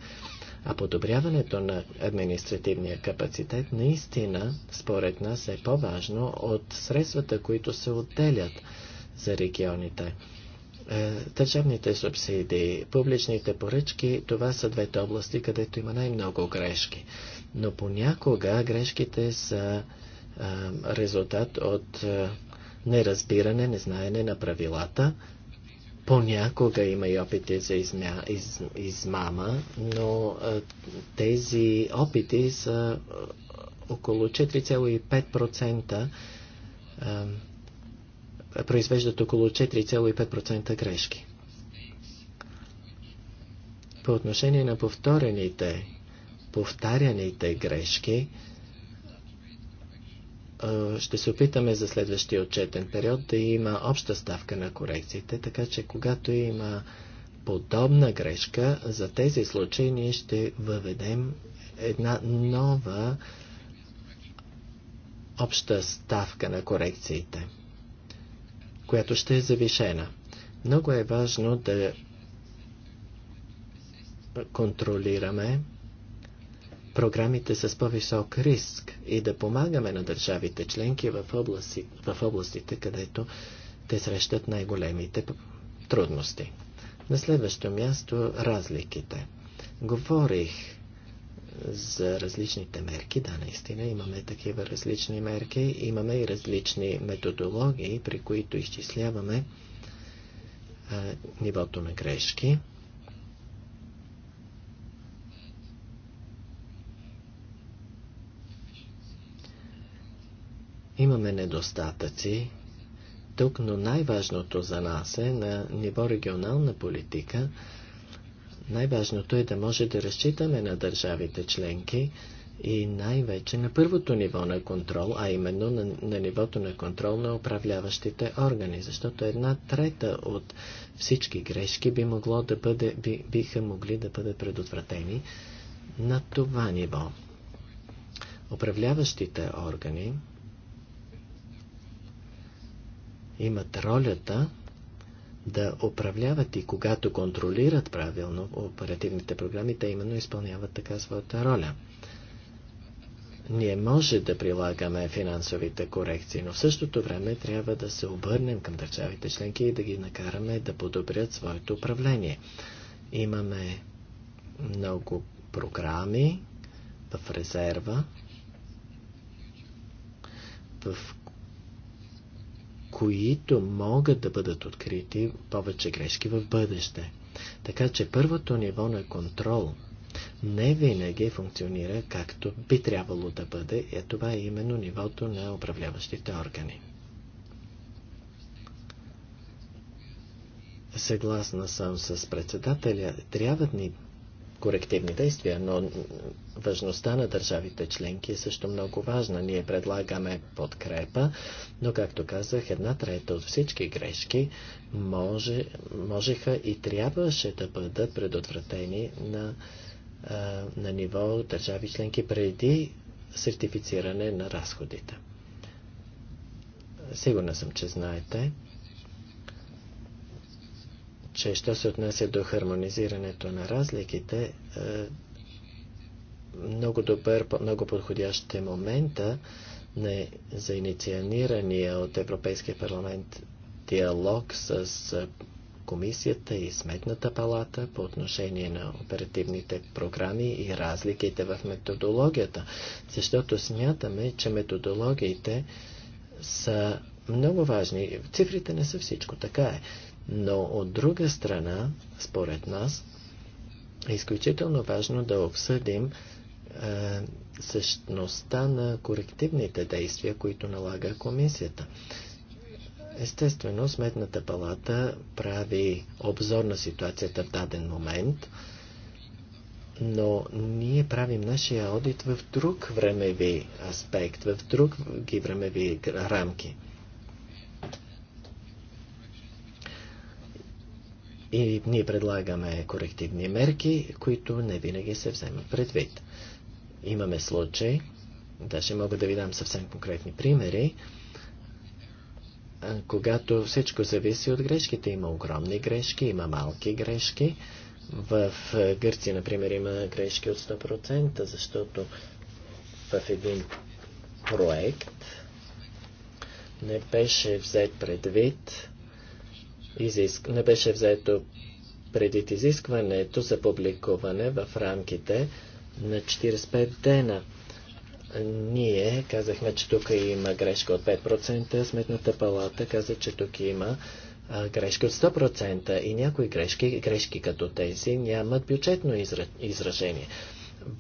А подобряването на административния капацитет наистина, според нас, е по-важно от средствата, които се отделят за регионите. Е, държавните субсидии, публичните поръчки, това са двете области, където има най-много грешки. Но понякога грешките са е, резултат от неразбиране, незнаене на правилата, Понякога има и опити за измя, из, измама, но а, тези опити са около 4,5% произвеждат около 4,5% грешки. По отношение на повторените, повтаряните грешки, ще се опитаме за следващия отчетен период да има обща ставка на корекциите, така че когато има подобна грешка, за тези случаи ние ще въведем една нова обща ставка на корекциите, която ще е завишена. Много е важно да контролираме програмите с по-висок риск и да помагаме на държавите членки в, области, в областите, където те срещат най-големите трудности. На следващо място разликите. Говорих за различните мерки. Да, наистина имаме такива различни мерки. Имаме и различни методологии, при които изчисляваме а, нивото на грешки. Имаме недостатъци тук, но най-важното за нас е на ниво регионална политика. Най-важното е да може да разчитаме на държавите членки и най-вече на първото ниво на контрол, а именно на, на нивото на контрол на управляващите органи, защото една трета от всички грешки би могло да бъде, би, биха могли да бъдат предотвратени на това ниво. Управляващите органи имат ролята да управляват и когато контролират правилно оперативните програми, те именно изпълняват така своята роля. Ние може да прилагаме финансовите корекции, но в същото време трябва да се обърнем към държавите членки и да ги накараме да подобрят своето управление. Имаме много програми в резерва, в които могат да бъдат открити повече грешки в бъдеще. Така че първото ниво на контрол не винаги функционира както би трябвало да бъде, е това е именно нивото на управляващите органи. Съгласна съм с председателя, трябват ни корективни действия, но важността на държавите членки е също много важна. Ние предлагаме подкрепа, но както казах, една трета от всички грешки може, можеха и трябваше да бъдат предотвратени на, на ниво държави членки преди сертифициране на разходите. Сигурна съм, че знаете, че що се отнася до хармонизирането на разликите, е, много добър, много подходящ е момента не за инициирания от Европейския парламент диалог с е, комисията и сметната палата по отношение на оперативните програми и разликите в методологията, защото смятаме, че методологиите са много важни. Цифрите не са всичко, така е. Но от друга страна, според нас, е изключително важно да обсъдим е, същността на корективните действия, които налага комисията. Естествено, Сметната палата прави обзор на ситуацията в даден момент, но ние правим нашия одит в друг времеви аспект, в други времеви рамки. И ние предлагаме корективни мерки, които не винаги се вземат предвид. Имаме случаи, даже мога да ви дам съвсем конкретни примери, когато всичко зависи от грешките. Има огромни грешки, има малки грешки. В Гърция, например, има грешки от 100%, защото в един проект не беше взет предвид изиск... не беше взето преди изискването за публикуване в рамките на 45 дена. Ние казахме, че тук има грешка от 5%, Сметната палата каза, че тук има а, грешки от 100% и някои грешки, грешки като тези нямат бюджетно изражение.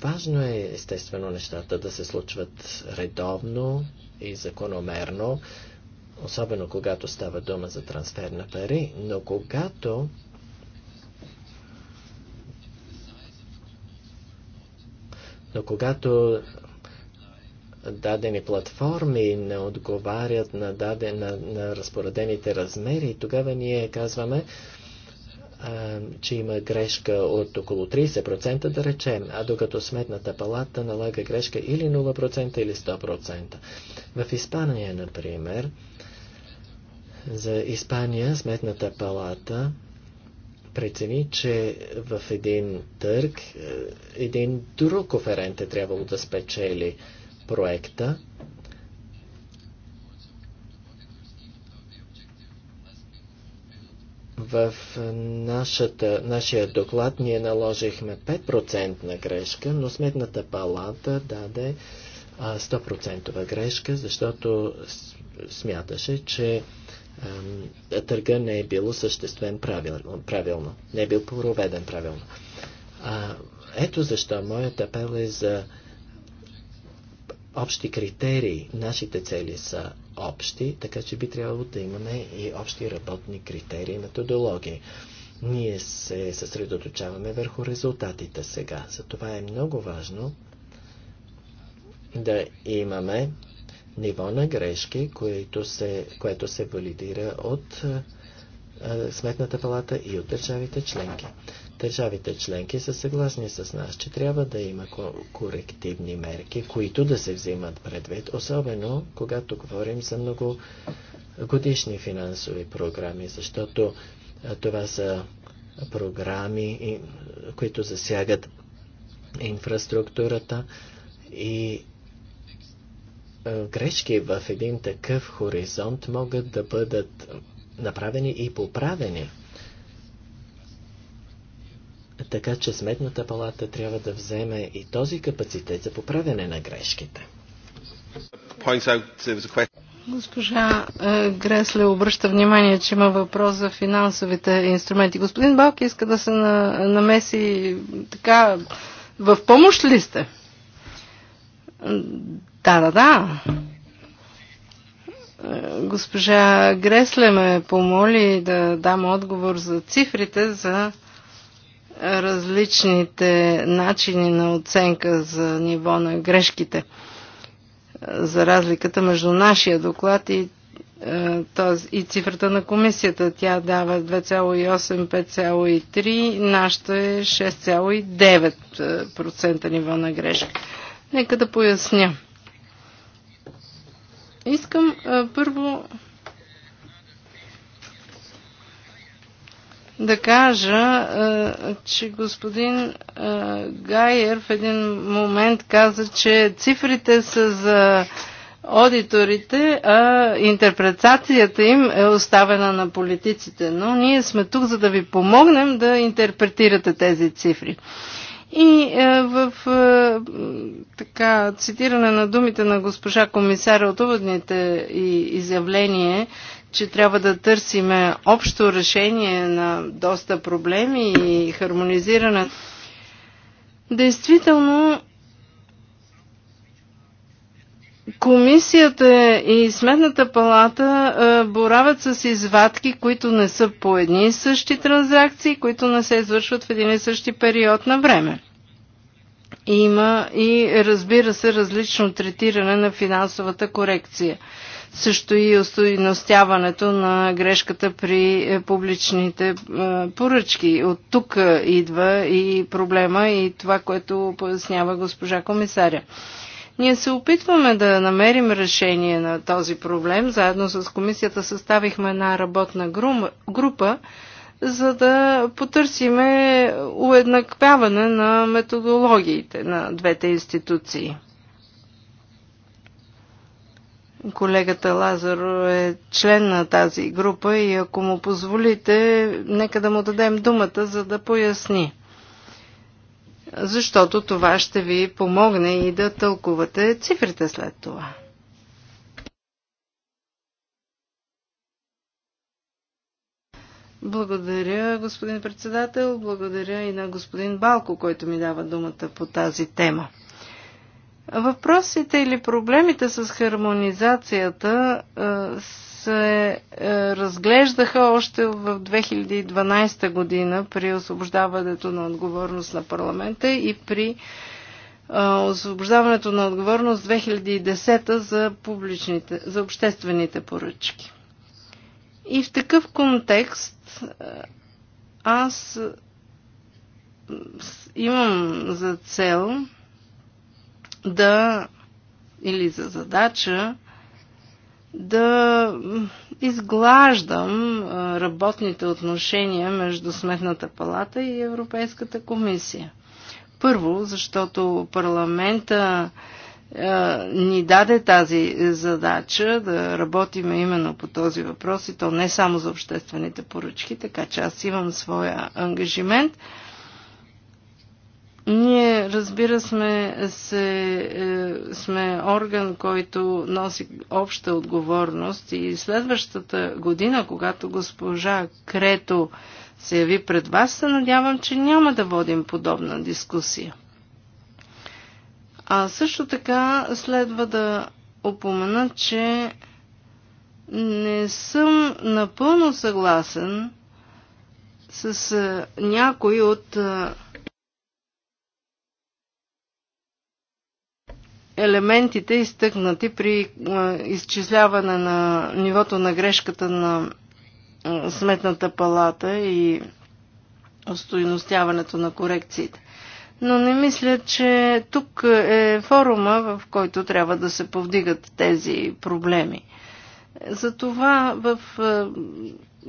Важно е, естествено, нещата да се случват редовно и закономерно особено когато става дума за трансфер на пари, но когато но когато дадени платформи не отговарят на, даден, на, на разпоредените размери, тогава ние казваме, а, че има грешка от около 30%, да речем, а докато сметната палата налага грешка или 0% или 100%. В Испания, например, за Испания Сметната палата прецени, че в един търг е, един друг оферент е трябвало да спечели проекта. В нашата, нашия доклад ние наложихме 5% на грешка, но Сметната палата даде 100% грешка, защото смяташе, че търга не е бил осъществен правилно, правилно, не е бил проведен правилно. А, ето защо моят апел е за общи критерии. Нашите цели са общи, така че би трябвало да имаме и общи работни критерии и методологии. Ние се съсредоточаваме върху резултатите сега. За това е много важно да имаме ниво на грешки, което се, което се валидира от Сметната палата и от държавите членки. Държавите членки са съгласни с нас, че трябва да има корективни мерки, които да се взимат предвид, особено когато говорим за много годишни финансови програми, защото това са програми, които засягат инфраструктурата и е, грешки в един такъв хоризонт могат да бъдат направени и поправени. Така че Сметната палата трябва да вземе и този капацитет за поправяне на грешките. Госпожа е, Гресле обръща внимание, че има въпрос за финансовите инструменти. Господин Балки иска да се намеси така. В помощ ли сте? Да, да, да. Госпожа Гресле ме помоли да дам отговор за цифрите, за различните начини на оценка за ниво на грешките, за разликата между нашия доклад и, е, и цифрата на комисията. Тя дава 2,8, 5,3, нашата е 6,9% е, ниво на грешка. Нека да поясня. Искам а, първо да кажа, а, че господин а, Гайер в един момент каза, че цифрите са за аудиторите, а интерпретацията им е оставена на политиците. Но ние сме тук, за да ви помогнем да интерпретирате тези цифри. И е, в е, така, цитиране на думите на госпожа комисаря от уводните и изявление, че трябва да търсиме общо решение на доста проблеми и хармонизиране. Действително, Комисията и Сметната палата е, боравят с извадки, които не са по едни и същи транзакции, които не се извършват в един и същи период на време. Има и разбира се различно третиране на финансовата корекция. Също и устойностяването на грешката при е, публичните е, поръчки. От тук идва и проблема и това, което пояснява госпожа комисаря. Ние се опитваме да намерим решение на този проблем. Заедно с комисията съставихме една работна група, за да потърсиме уеднаквяване на методологиите на двете институции. Колегата Лазар е член на тази група и ако му позволите, нека да му дадем думата, за да поясни защото това ще ви помогне и да тълкувате цифрите след това. Благодаря, господин председател. Благодаря и на господин Балко, който ми дава думата по тази тема. Въпросите или проблемите с хармонизацията се е, разглеждаха още в 2012 година при освобождаването на отговорност на парламента и при е, освобождаването на отговорност 2010 за, публичните, за обществените поръчки. И в такъв контекст е, аз имам за цел да или за задача да изглаждам работните отношения между Сметната палата и Европейската комисия. Първо, защото парламента ни даде тази задача да работиме именно по този въпрос и то не само за обществените поръчки, така че аз имам своя ангажимент. Ние, разбира сме, се, е, сме орган, който носи обща отговорност и следващата година, когато госпожа Крето се яви пред вас, се надявам, че няма да водим подобна дискусия. А също така следва да опомена, че не съм напълно съгласен с е, някои от е, елементите, изтъкнати при изчисляване на нивото на грешката на Сметната палата и устойностяването на корекциите. Но не мисля, че тук е форума, в който трябва да се повдигат тези проблеми. Затова в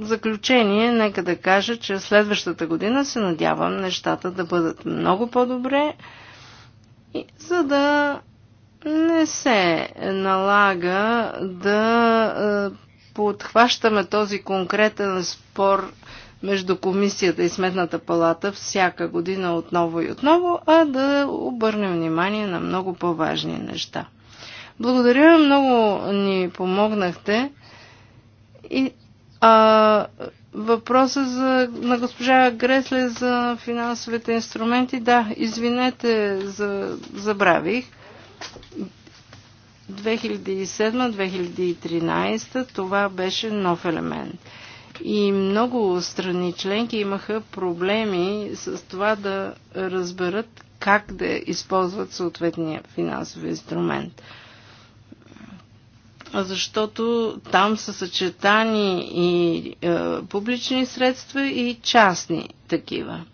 заключение, нека да кажа, че следващата година се надявам нещата да бъдат много по-добре, за да не се налага да е, подхващаме този конкретен спор между комисията и сметната палата всяка година отново и отново, а да обърнем внимание на много по-важни неща. Благодаря, много ни помогнахте. И, а, въпроса за, на госпожа Гресле за финансовите инструменти, да, извинете, за, забравих. 2007-2013 това беше нов елемент. И много страни членки имаха проблеми с това да разберат как да използват съответния финансов инструмент. Защото там са съчетани и е, публични средства и частни такива. Е,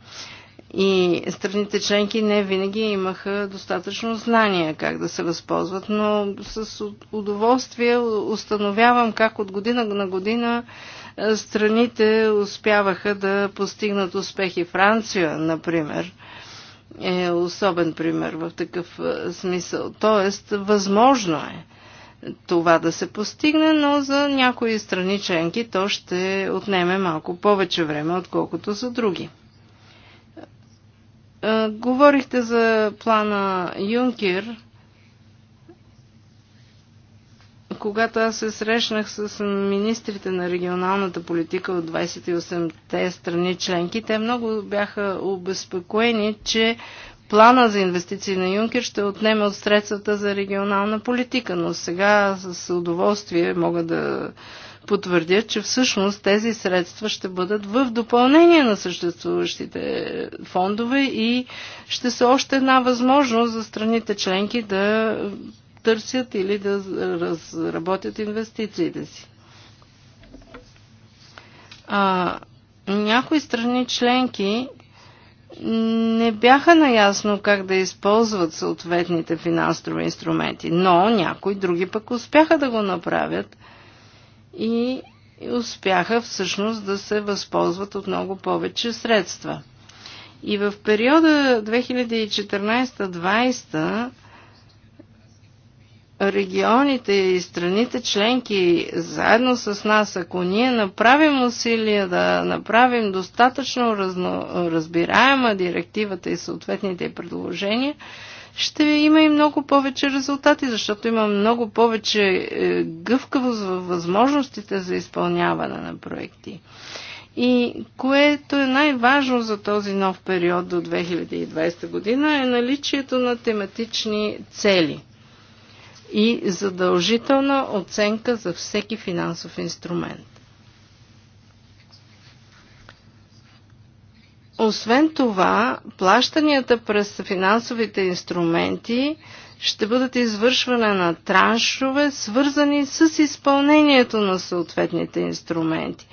и страните членки не винаги имаха достатъчно знания как да се възползват, но с удоволствие установявам как от година на година е, страните успяваха да постигнат успехи. Франция, например, е особен пример в такъв е, смисъл. Тоест, възможно е това да се постигне, но за някои страни членки то ще отнеме малко повече време, отколкото за други. Е, говорихте за плана Юнкер. Когато аз се срещнах с министрите на регионалната политика от 28-те страни членки, те много бяха обезпокоени, че плана за инвестиции на Юнкер ще отнеме от средствата за регионална политика, но сега с удоволствие мога да потвърдят, че всъщност тези средства ще бъдат в допълнение на съществуващите фондове и ще са още една възможност за страните членки да търсят или да разработят инвестициите си. А, някои страни членки не бяха наясно как да използват съответните финансови инструменти, но някои други пък успяха да го направят – и успяха всъщност да се възползват от много повече средства. И в периода 2014-2020 регионите и страните членки заедно с нас, ако ние направим усилия да направим достатъчно разно, разбираема директивата и съответните предложения, ще има и много повече резултати, защото има много повече е, гъвкавост във възможностите за изпълняване на проекти. И което е най-важно за този нов период до 2020 година е наличието на тематични цели и задължителна оценка за всеки финансов инструмент. Освен това, плащанията през финансовите инструменти ще бъдат извършване на траншове, свързани с изпълнението на съответните инструменти.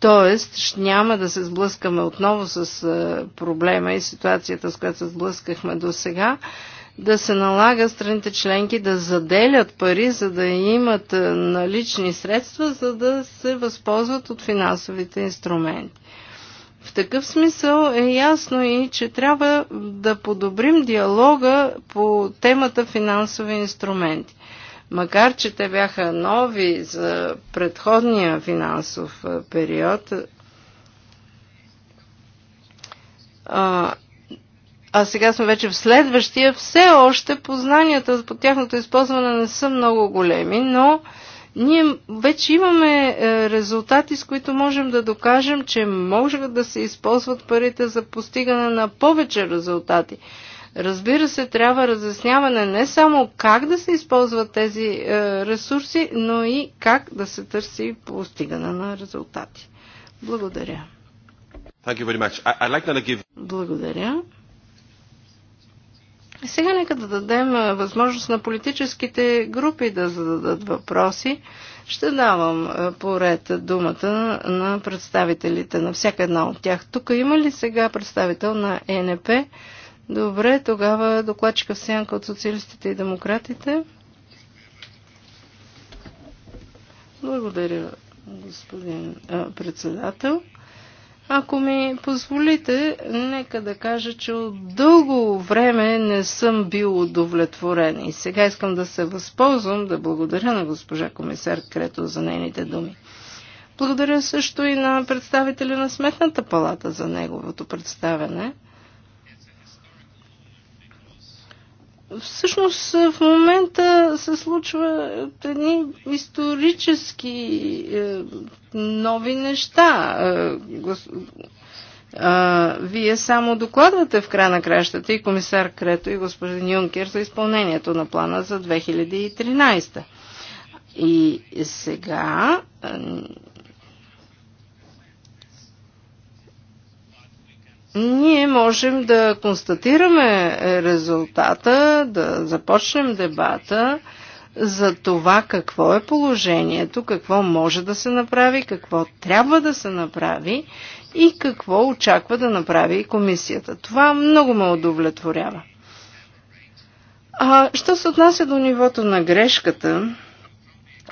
Тоест, няма да се сблъскаме отново с е, проблема и ситуацията, с която се сблъскахме до сега, да се налага страните членки да заделят пари, за да имат е, налични средства, за да се възползват от финансовите инструменти. В такъв смисъл е ясно и, че трябва да подобрим диалога по темата финансови инструменти. Макар, че те бяха нови за предходния финансов период, а, а сега сме вече в следващия, все още познанията по тяхното използване не са много големи, но а, ние вече имаме е, резултати, с които можем да докажем, че може да се използват парите за постигане на повече резултати. Разбира се, трябва разясняване не само как да се използват тези е, ресурси, но и как да се търси постигане на резултати. Благодаря. Благодаря. Сега нека да дадем възможност на политическите групи да зададат въпроси. Ще давам поред думата на представителите на всяка една от тях. Тук има ли сега представител на ЕНП? Добре, тогава докладчика в сянка от социалистите и демократите. Благодаря, господин председател. Ако ми позволите, нека да кажа, че от дълго време не съм бил удовлетворен и сега искам да се възползвам да благодаря на госпожа комисар Крето за нейните думи. Благодаря също и на представителя на Сметната палата за неговото представяне. Всъщност в момента се случва едни исторически е, нови неща. А, е, е, вие само докладвате в края на кращата и комисар Крето и господин Юнкер за изпълнението на плана за 2013. И сега е, ние можем да констатираме резултата, да започнем дебата за това какво е положението, какво може да се направи, какво трябва да се направи и какво очаква да направи комисията. Това много ме удовлетворява. А, що се отнася до нивото на грешката,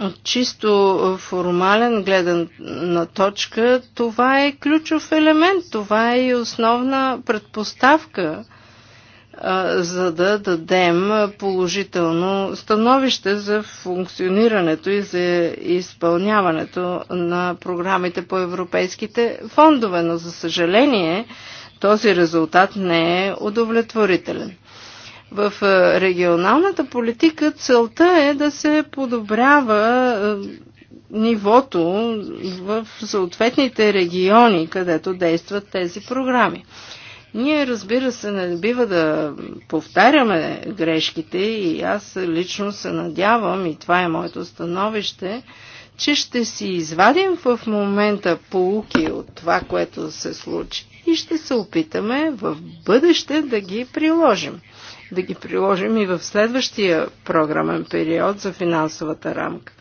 от чисто формален гледан на точка, това е ключов елемент, това е и основна предпоставка за да дадем положително становище за функционирането и за изпълняването на програмите по европейските фондове, но за съжаление този резултат не е удовлетворителен. В регионалната политика целта е да се подобрява нивото в съответните региони, където действат тези програми. Ние, разбира се, не бива да повтаряме грешките и аз лично се надявам, и това е моето становище, че ще си извадим в момента полуки от това, което се случи и ще се опитаме в бъдеще да ги приложим. Да ги приложим и в следващия програмен период за финансовата рамка.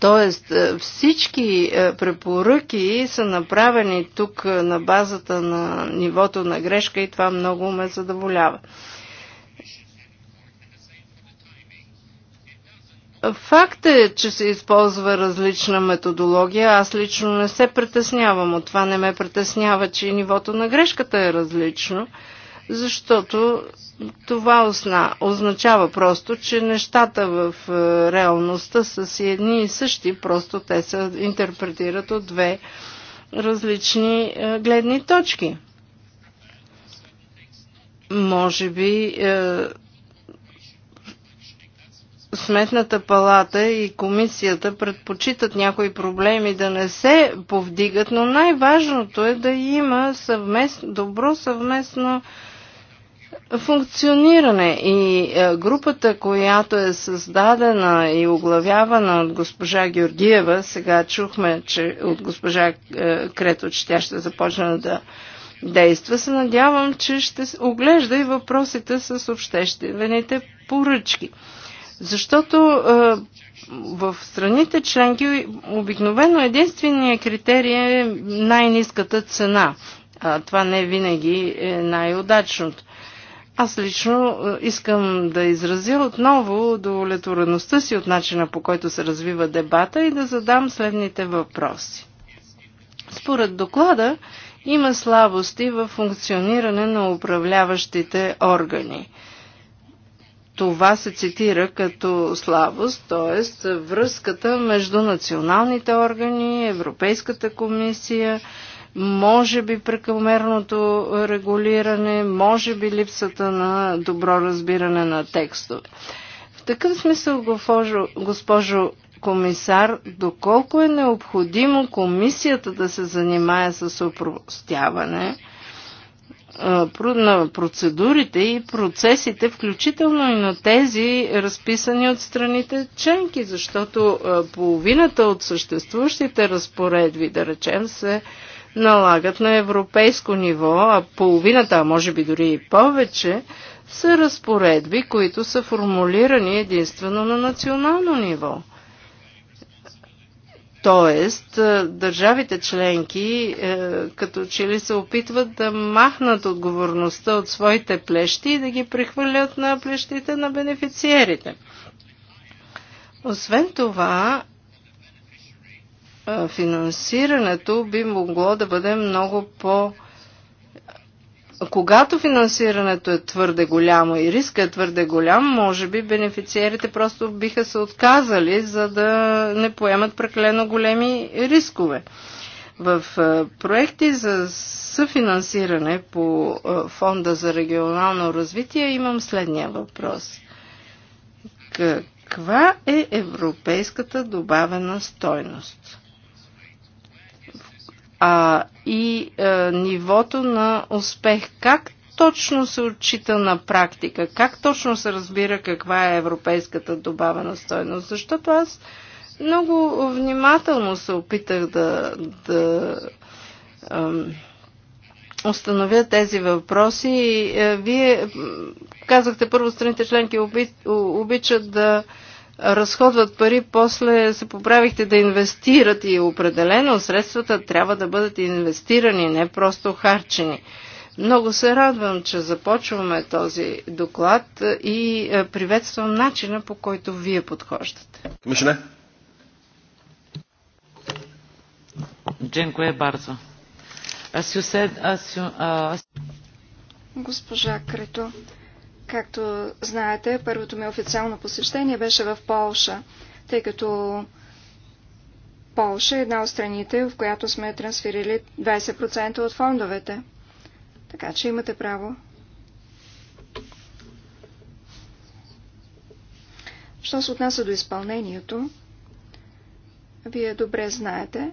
Тоест е, всички е, препоръки са направени тук е, на базата на нивото на грешка и това много ме задоволява. Факт е, че се използва различна методология. Аз лично не се притеснявам от това. Не ме притеснява, че и нивото на грешката е различно, защото това означава просто, че нещата в е, реалността са си едни и същи, просто те се интерпретират от две различни е, гледни точки. Може би е, Сметната палата и комисията предпочитат някои проблеми да не се повдигат, но най-важното е да има съвмест, добро съвместно функциониране и е, групата, която е създадена и оглавявана от госпожа Георгиева, сега чухме че от госпожа е, Крето, че тя ще започне да действа, се надявам, че ще оглежда и въпросите с обществените поръчки. Защото е, в страните членки обикновено единственият критерий е най-низката цена. А това не винаги е най-удачното. Аз лично е, искам да изразя отново удовлетвореността си от начина по който се развива дебата и да задам следните въпроси. Според доклада има слабости в функциониране на управляващите органи. Това се цитира като слабост, т.е. връзката между националните органи, Европейската комисия, може би прекомерното регулиране, може би липсата на добро разбиране на текстове. В такъв смисъл, госпожо, госпожо комисар, доколко е необходимо комисията да се занимае с упростяване на процедурите и процесите, включително и на тези, разписани от страните членки, защото половината от съществуващите разпоредви, да речем, се налагат на европейско ниво, а половината, а може би дори и повече, са разпоредби, които са формулирани единствено на национално ниво. Тоест, е, държавите членки е, като че ли се опитват да махнат отговорността от своите плещи и да ги прехвърлят на плещите на бенефициерите. Освен това, финансирането би могло да бъде много по- когато финансирането е твърде голямо и риска е твърде голям, може би бенефициерите просто биха се отказали, за да не поемат прекалено големи рискове. В проекти за съфинансиране по Фонда за регионално развитие имам следния въпрос. Каква е европейската добавена стойност? а и а, е, нивото на успех. Как точно се отчита на практика? Как точно се разбира каква е европейската добавена стойност? Защото аз много внимателно се опитах да, да ам, установя тези въпроси. Е, вие казахте първо страните членки обичат да разходват пари, после се поправихте да инвестират и определено средствата трябва да бъдат инвестирани, не просто харчени. Много се радвам, че започваме този доклад и е, приветствам начина по който вие подхождате. Мишне. е Барзо. Госпожа Крето, Както знаете, първото ми официално посещение беше в Полша, тъй като Полша е една от страните, в която сме трансферили 20% от фондовете. Така че имате право. Що се отнася до изпълнението, вие добре знаете,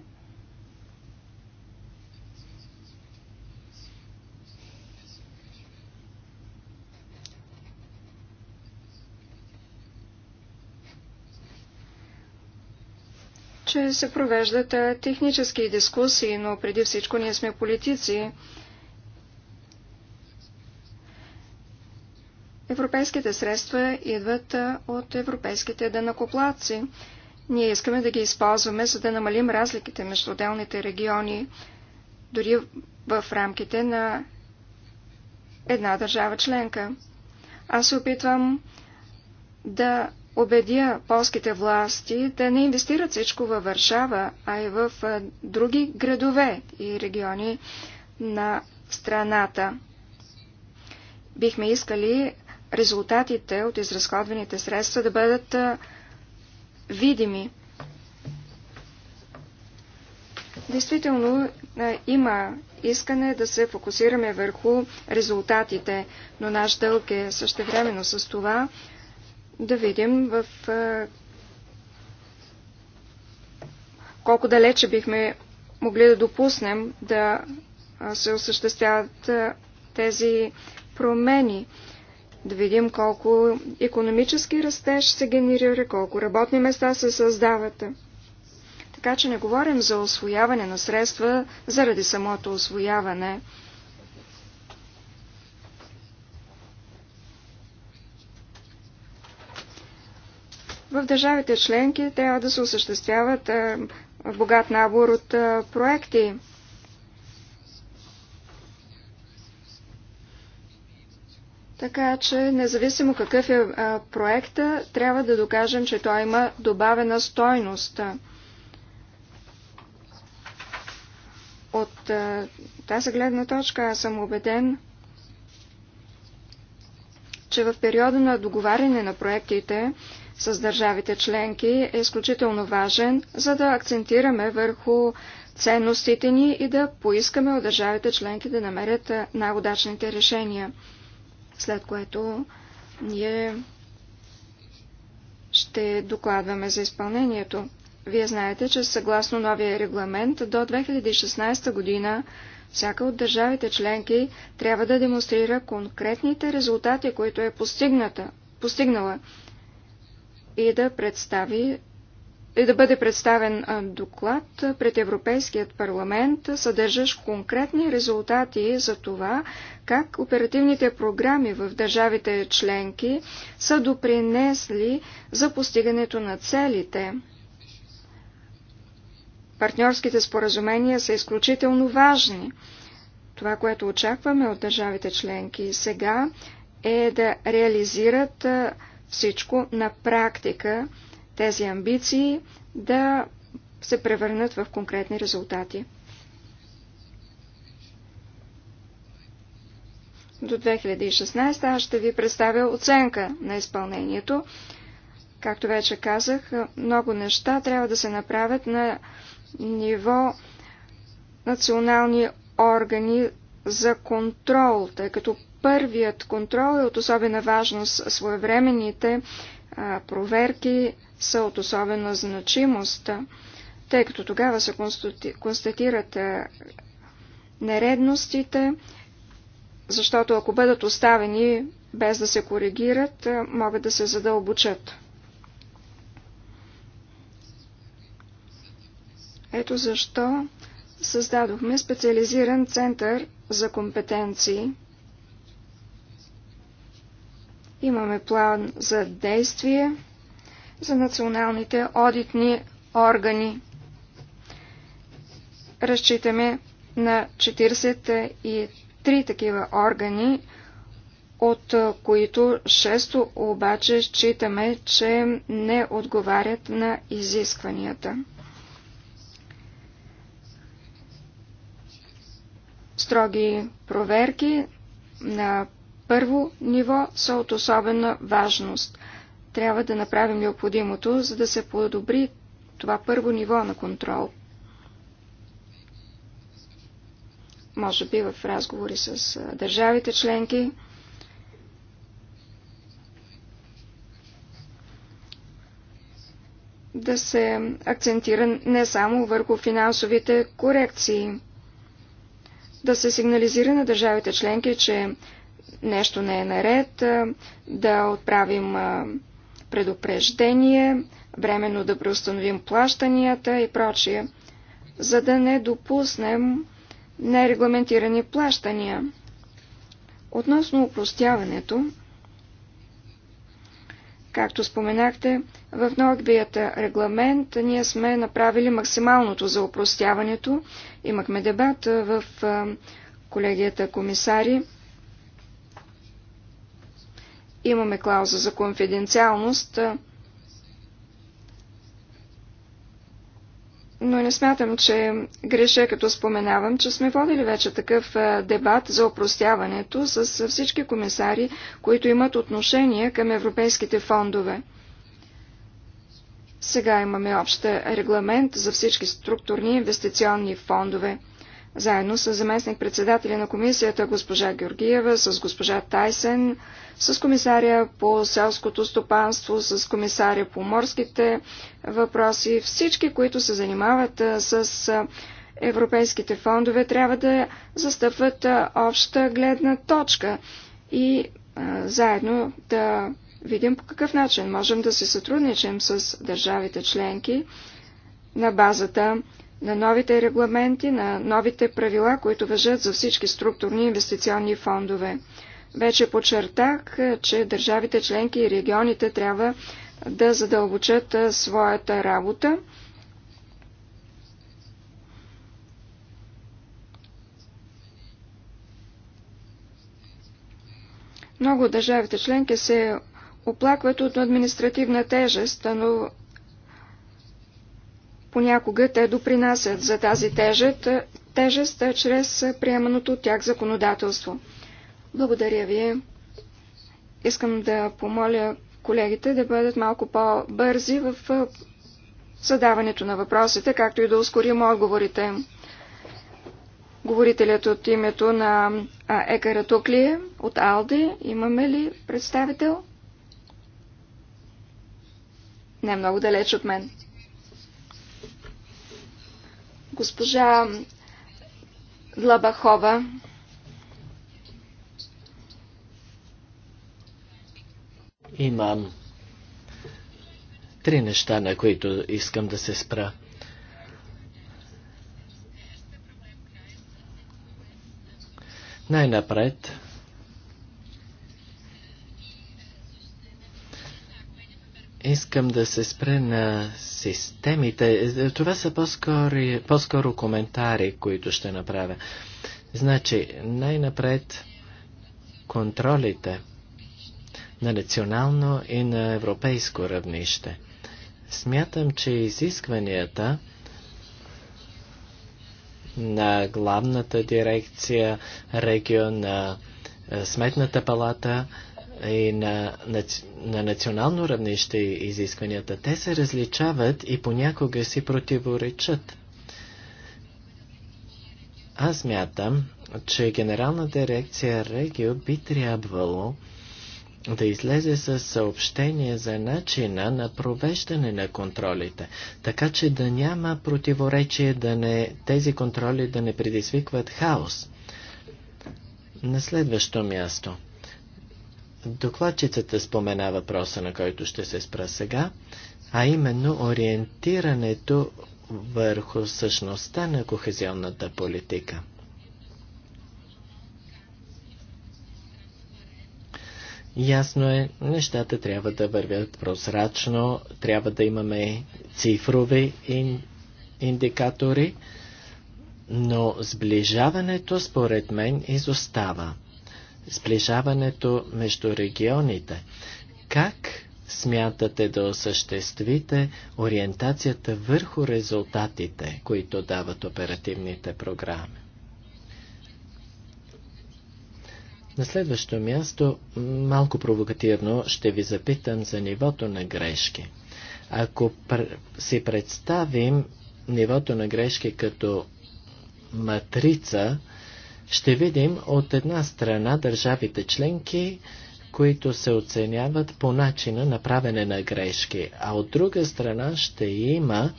че се провеждат технически дискусии, но преди всичко ние сме политици. Европейските средства идват от европейските денакоплаци. Ние искаме да ги използваме, за да намалим разликите между отделните региони, дори в рамките на една държава членка. Аз се опитвам да убедя полските власти да не инвестират всичко във Варшава, а и в други градове и региони на страната. Бихме искали резултатите от изразходваните средства да бъдат видими. Действително има искане да се фокусираме върху резултатите, но наш дълг е същевременно с това да видим в колко далече бихме могли да допуснем да се осъществяват тези промени. Да видим колко економически растеж се генерира, колко работни места се създават. Така че не говорим за освояване на средства заради самото освояване. В държавите членки трябва да се осъществяват е, богат набор от е, проекти. Така че, независимо какъв е, е проекта, трябва да докажем, че той има добавена стойност. От тази гледна точка аз съм убеден, че в периода на договаряне на проектите с държавите членки е изключително важен, за да акцентираме върху ценностите ни и да поискаме от държавите членки да намерят най-удачните решения, след което ние ще докладваме за изпълнението. Вие знаете, че съгласно новия регламент до 2016 година всяка от държавите членки трябва да демонстрира конкретните резултати, които е постигната, постигнала и да представи и да бъде представен доклад пред Европейският парламент, съдържащ конкретни резултати за това, как оперативните програми в държавите членки са допринесли за постигането на целите. Партньорските споразумения са изключително важни. Това, което очакваме от държавите членки сега, е да реализират всичко на практика тези амбиции да се превърнат в конкретни резултати. До 2016 аз ще ви представя оценка на изпълнението. Както вече казах, много неща трябва да се направят на ниво национални органи за контрол, тъй като Първият контрол е от особена важност. Своевременните проверки са от особена значимост, тъй като тогава се констатират нередностите, защото ако бъдат оставени без да се коригират, могат да се задълбочат. Ето защо създадохме специализиран център за компетенции – Имаме план за действие за националните одитни органи. Разчитаме на 43 такива органи, от които 6 обаче считаме, че не отговарят на изискванията. Строги проверки на първо ниво са от особена важност. Трябва да направим необходимото, за да се подобри това първо ниво на контрол. Може би в разговори с държавите членки. да се акцентира не само върху финансовите корекции, да се сигнализира на държавите членки, че нещо не е наред, да отправим предупреждение, временно да преустановим плащанията и прочие, за да не допуснем нерегламентирани плащания. Относно упростяването, както споменахте, в новият регламент ние сме направили максималното за упростяването. Имахме дебат в колегията комисари. Имаме клауза за конфиденциалност, но не смятам, че греша, като споменавам, че сме водили вече такъв дебат за опростяването с всички комисари, които имат отношение към европейските фондове. Сега имаме общ регламент за всички структурни инвестиционни фондове заедно с заместник-председателя на комисията госпожа Георгиева, с госпожа Тайсен, с комисаря по селското стопанство, с комисаря по морските въпроси. Всички, които се занимават с европейските фондове, трябва да застъпват обща гледна точка и а, заедно да видим по какъв начин можем да се сътрудничим с държавите членки на базата на новите регламенти, на новите правила, които въжат за всички структурни инвестиционни фондове. Вече подчертах, е, че държавите членки и регионите трябва да задълбочат е, своята работа. Много от държавите членки се оплакват от административна тежест, но Понякога те допринасят за тази тежест, тежест чрез приеманото от тях законодателство. Благодаря ви. Искам да помоля колегите да бъдат малко по-бързи в задаването на въпросите, както и да ускорим отговорите. Говорителят от името на Екара Туклие от Алди, имаме ли представител? Не много далеч от мен. Госпожа Лабахова. Имам три неща, на които искам да се спра. Най-напред искам да се спре на системите. Това са по-скоро, по коментари, които ще направя. Значи, най-напред контролите на национално и на европейско равнище. Смятам, че изискванията на главната дирекция регион на е, Сметната палата – и на, на, на национално равнище изискванията, те се различават и понякога си противоречат. Аз мятам, че Генерална дирекция Регио би трябвало да излезе с съобщение за начина на провеждане на контролите, така че да няма противоречие, да не, тези контроли да не предизвикват хаос. На следващо място – Докладчицата спомена въпроса, на който ще се спра сега, а именно ориентирането върху същността на кохезионната политика. Ясно е, нещата трябва да вървят прозрачно, трябва да имаме цифрови ин, индикатори, но сближаването според мен изостава сближаването между регионите. Как смятате да осъществите ориентацията върху резултатите, които дават оперативните програми? На следващо място, малко провокативно, ще ви запитам за нивото на грешки. Ако пр- си представим нивото на грешки като матрица, ще видим от една страна държавите членки, които се оценяват по начина на правене на грешки, а от друга страна ще има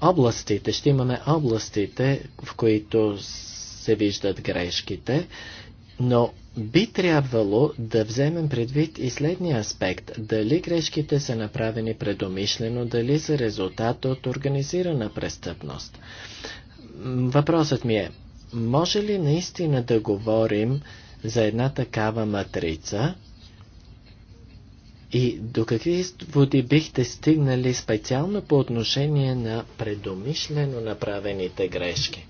областите, ще имаме областите, в които се виждат грешките, но би трябвало да вземем предвид и следния аспект. Дали грешките са направени предумишлено, дали са резултат от организирана престъпност. Въпросът ми е, може ли наистина да говорим за една такава матрица? И до какви води бихте стигнали специално по отношение на предомишлено направените грешки?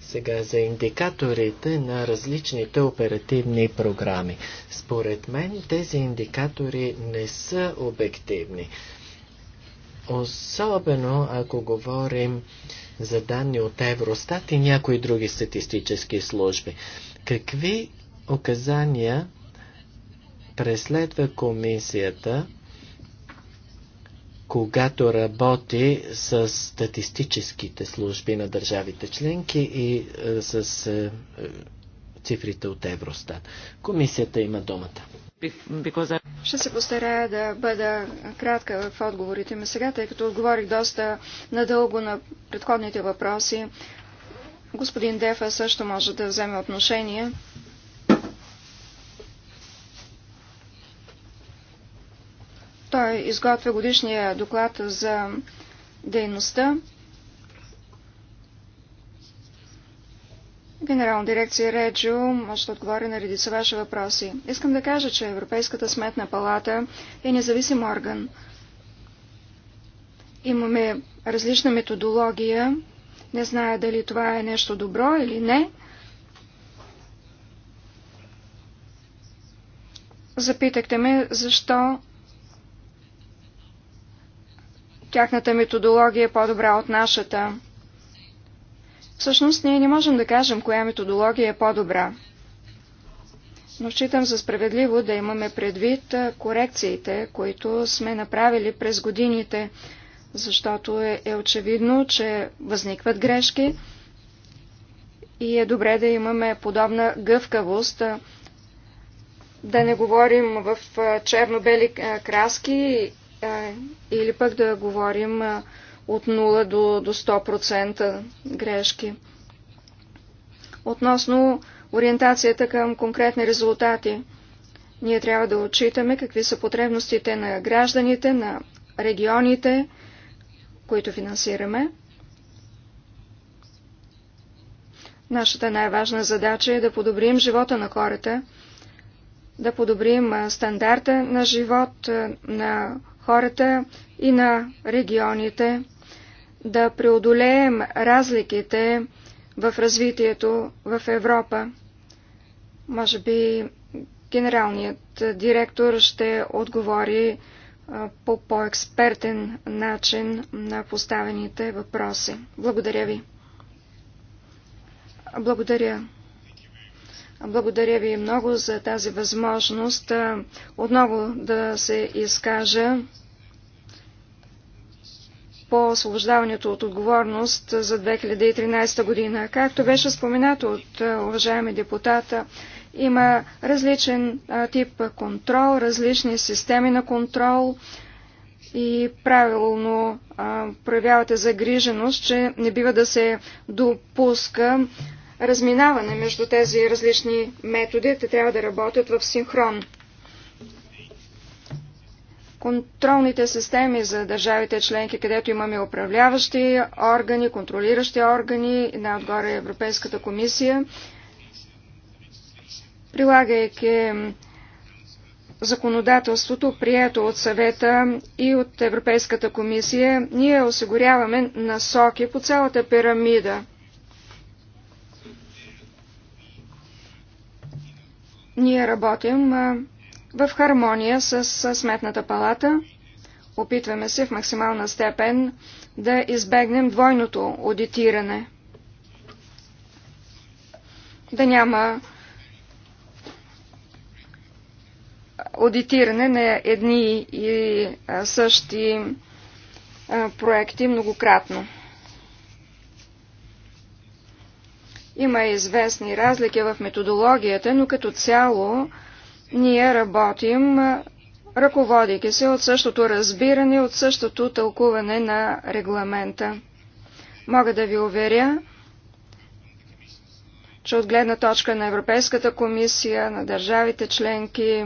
Сега за индикаторите на различните оперативни програми. Според мен тези индикатори не са обективни. Особено ако говорим за данни от Евростат и някои други статистически служби. Какви указания преследва комисията, когато работи с статистическите служби на държавите членки и е, с е, е, цифрите от Евростат? Комисията има думата. Ще се постарая да бъда кратка в отговорите ми сега, тъй като отговорих доста надълго на предходните въпроси. Господин Дефа също може да вземе отношение. Той изготвя годишния доклад за дейността Генерална дирекция Реджо може да отговори на редица ваши въпроси. Искам да кажа, че Европейската сметна палата е независим орган. Имаме различна методология. Не зная дали това е нещо добро или не. Запитахте ме защо тяхната методология е по-добра от нашата. Всъщност ние не можем да кажем коя методология е по-добра. Но считам за справедливо да имаме предвид корекциите, които сме направили през годините, защото е, е очевидно, че възникват грешки и е добре да имаме подобна гъвкавост, да не говорим в черно-бели краски или пък да говорим от 0 до, до 100% грешки. Относно ориентацията към конкретни резултати, ние трябва да отчитаме какви са потребностите на гражданите, на регионите, които финансираме. Нашата най-важна задача е да подобрим живота на хората, да подобрим стандарта на живот на хората и на регионите да преодолеем разликите в развитието в Европа. Може би генералният директор ще отговори по по-експертен начин на поставените въпроси. Благодаря ви. Благодаря. Благодаря ви много за тази възможност отново да се изкажа по освобождаването от отговорност за 2013 година. Както беше споменато от е, уважаеми депутата, има различен е, тип контрол, различни системи на контрол и правилно е, проявявате загриженост, че не бива да се допуска разминаване между тези различни методи. Те трябва да работят в синхрон контролните системи за държавите членки, където имаме управляващи органи, контролиращи органи, най отгоре Европейската комисия, прилагайки законодателството, прието от съвета и от Европейската комисия, ние осигуряваме насоки по цялата пирамида. Ние работим в хармония с Сметната палата. Опитваме се в максимална степен да избегнем двойното аудитиране. Да няма аудитиране на едни и същи проекти многократно. Има известни разлики в методологията, но като цяло ние работим, ръководейки се от същото разбиране, от същото тълкуване на регламента. Мога да ви уверя, че от гледна точка на Европейската комисия, на държавите членки,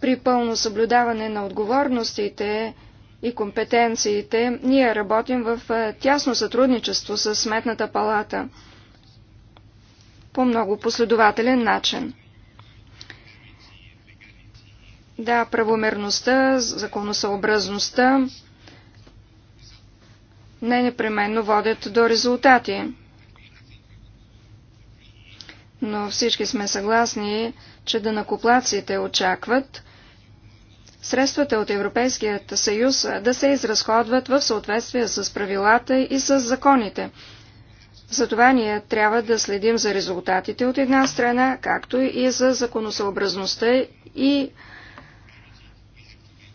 при пълно съблюдаване на отговорностите и компетенциите, ние работим в тясно сътрудничество с Сметната палата по много последователен начин. Да, правомерността, законосъобразността не непременно водят до резултати. Но всички сме съгласни, че данакоплаците очакват средствата от Европейският съюз да се изразходват в съответствие с правилата и с законите. Затова ние трябва да следим за резултатите от една страна, както и за законосъобразността и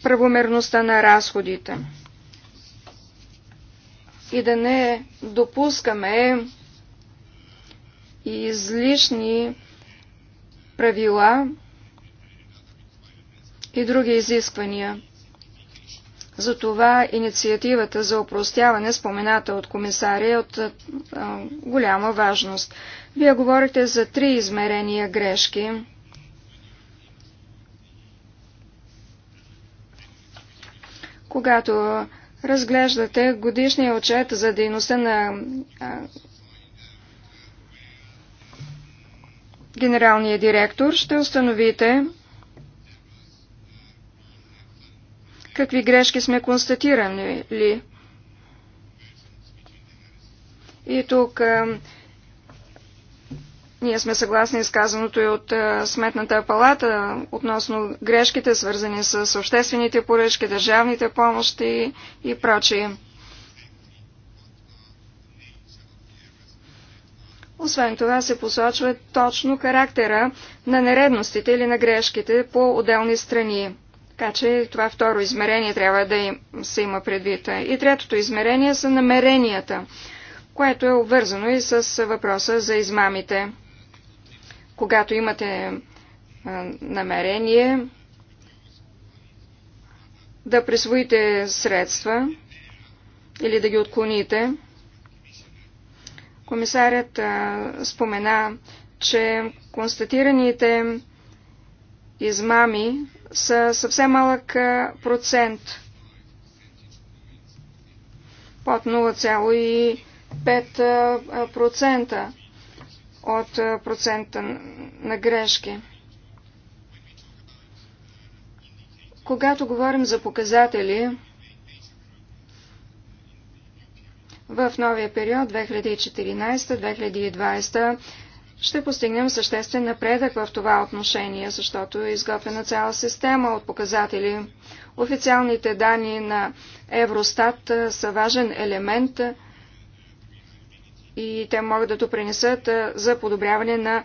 правомерността на разходите. И да не допускаме излишни правила и други изисквания. Затова инициативата за опростяване, спомената от комисаря, е от а, голяма важност. Вие говорите за три измерения грешки. Когато разглеждате годишния отчет за дейността на а, генералния директор, ще установите, какви грешки сме констатирани Ли. И тук а, ние сме съгласни с казаното и от а, Сметната палата относно грешките, свързани с обществените поръчки, държавните помощи и прочие. Освен това се посочва точно характера на нередностите или на грешките по отделни страни. Така че това второ измерение трябва да им, се има предвид. И третото измерение са намеренията, което е обвързано и с въпроса за измамите. Когато имате а, намерение да присвоите средства или да ги отклоните, комисарят а, спомена, че констатираните измами са съвсем малък процент. Под 0,5% от процента на грешки. Когато говорим за показатели, в новия период 2014-2020 ще постигнем съществен напредък в това отношение, защото е изготвена цяла система от показатели. Официалните данни на Евростат са важен елемент и те могат да допринесат за подобряване на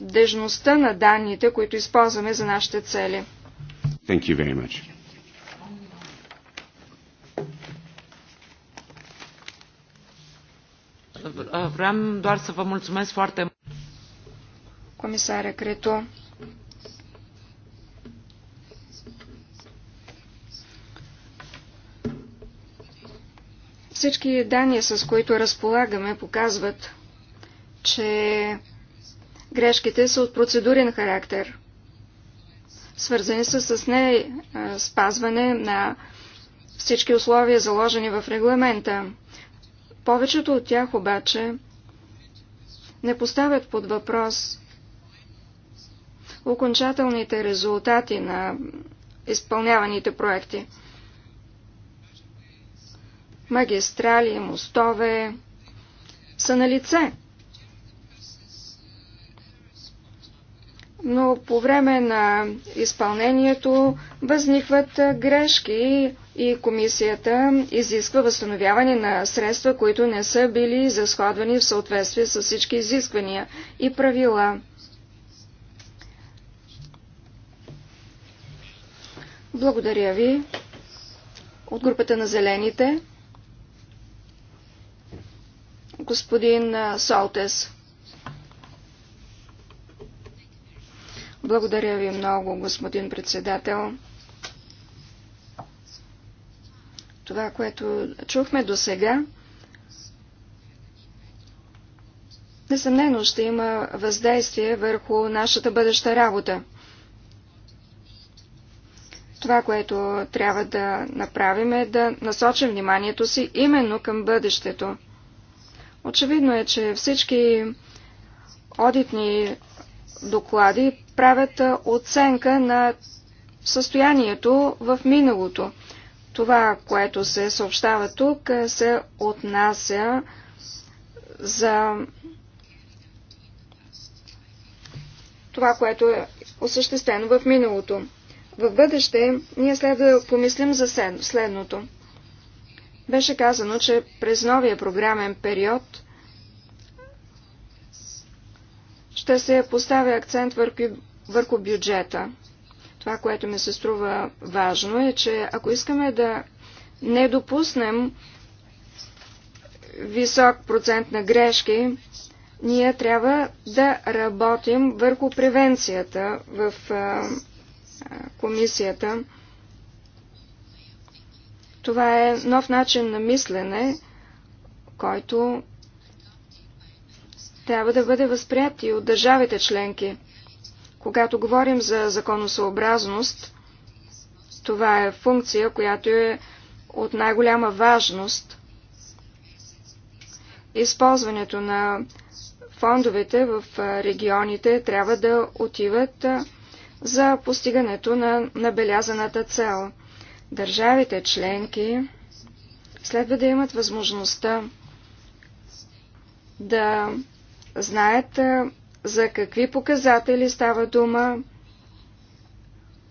дежността на данните, които използваме за нашите цели. Thank you very much. Vreau doar să vă mulțumesc foarte mult комисаря Крето. Всички данни, с които разполагаме, показват, че грешките са от процедурен характер, свързани са с не спазване на всички условия, заложени в регламента. Повечето от тях обаче не поставят под въпрос окончателните резултати на изпълняваните проекти. Магистрали, мостове са на лице. но по време на изпълнението възникват грешки и комисията изисква възстановяване на средства, които не са били изразходвани в съответствие с всички изисквания и правила. Благодаря ви. От групата на зелените. Господин Солтес. Благодаря ви много, господин председател. Това, което чухме до сега, несъмнено ще има въздействие върху нашата бъдеща работа. Това, което трябва да направим е да насочим вниманието си именно към бъдещето. Очевидно е, че всички одитни доклади правят оценка на състоянието в миналото. Това, което се съобщава тук, се отнася за това, което е осъществено в миналото. В бъдеще ние следва да помислим за следното. Беше казано, че през новия програмен период ще се поставя акцент върху, върху бюджета. Това, което ми се струва важно е, че ако искаме да не допуснем висок процент на грешки, ние трябва да работим върху превенцията в комисията. Това е нов начин на мислене, който трябва да бъде възприят и от държавите членки. Когато говорим за законосъобразност, това е функция, която е от най-голяма важност. Използването на фондовете в регионите трябва да отиват за постигането на набелязаната цел. Държавите членки следва да имат възможността да знаят за какви показатели става дума,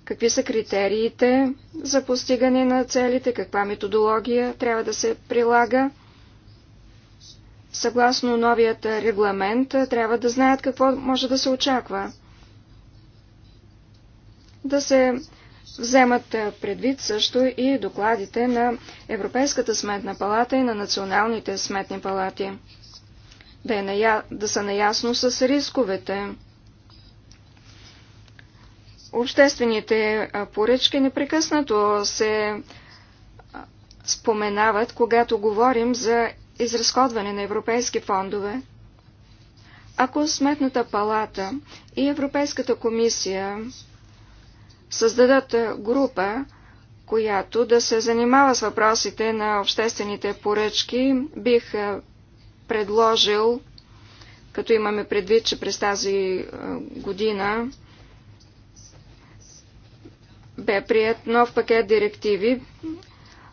какви са критериите за постигане на целите, каква методология трябва да се прилага. Съгласно новият регламент, трябва да знаят какво може да се очаква да се вземат е, предвид също и докладите на Европейската сметна палата и на националните сметни палати. Да, е ная... да са наясно с рисковете. Обществените е, поръчки непрекъснато се е, споменават, когато говорим за изразходване на европейски фондове. Ако Сметната палата и Европейската комисия създадат е, група, която да се занимава с въпросите на обществените поръчки. Бих е, предложил, като имаме предвид, че през тази е, година бе прият нов пакет директиви,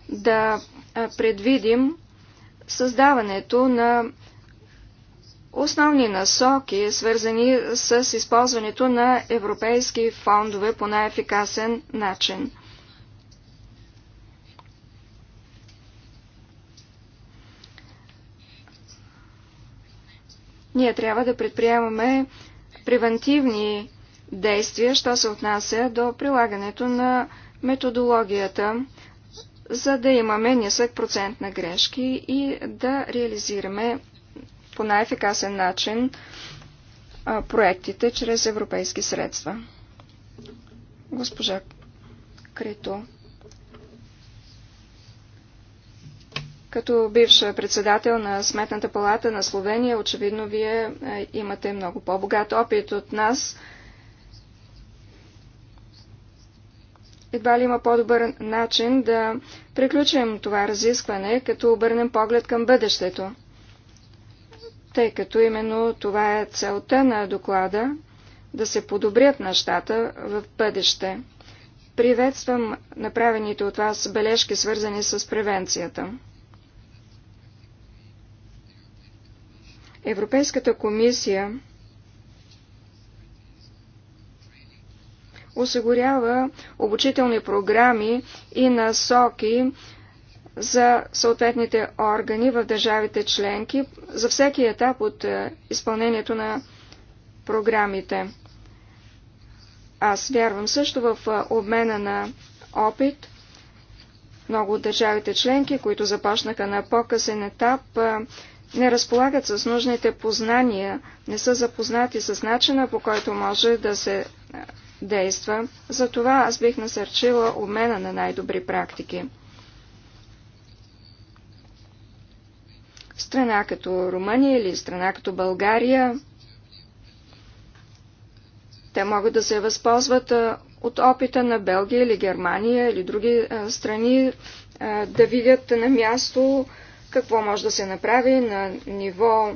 да предвидим създаването на основни насоки, свързани с използването на европейски фондове по най-ефикасен начин. Ние трябва да предприемаме превентивни действия, що се отнася до прилагането на методологията, за да имаме нисък процент на грешки и да реализираме по най-ефикасен начин а, проектите чрез европейски средства. Госпожа Крито. Като бивш председател на Сметната палата на Словения, очевидно вие е, имате много по-богат опит от нас. Едва ли има по-добър начин да приключим това разискване, като обърнем поглед към бъдещето тъй като именно това е целта на доклада да се подобрят нещата в бъдеще. Приветствам направените от вас бележки, свързани с превенцията. Европейската комисия осигурява обучителни програми и насоки за съответните органи в държавите членки за всеки етап от е, изпълнението на програмите. Аз вярвам също в е, обмена на опит. Много от държавите членки, които започнаха на по-късен етап, е, не разполагат с нужните познания, не са запознати с начина по който може да се действа. Затова аз бих насърчила обмена на най-добри практики. страна като Румъния или страна като България. Те могат да се възползват от опита на Белгия или Германия или други страни да видят на място какво може да се направи на ниво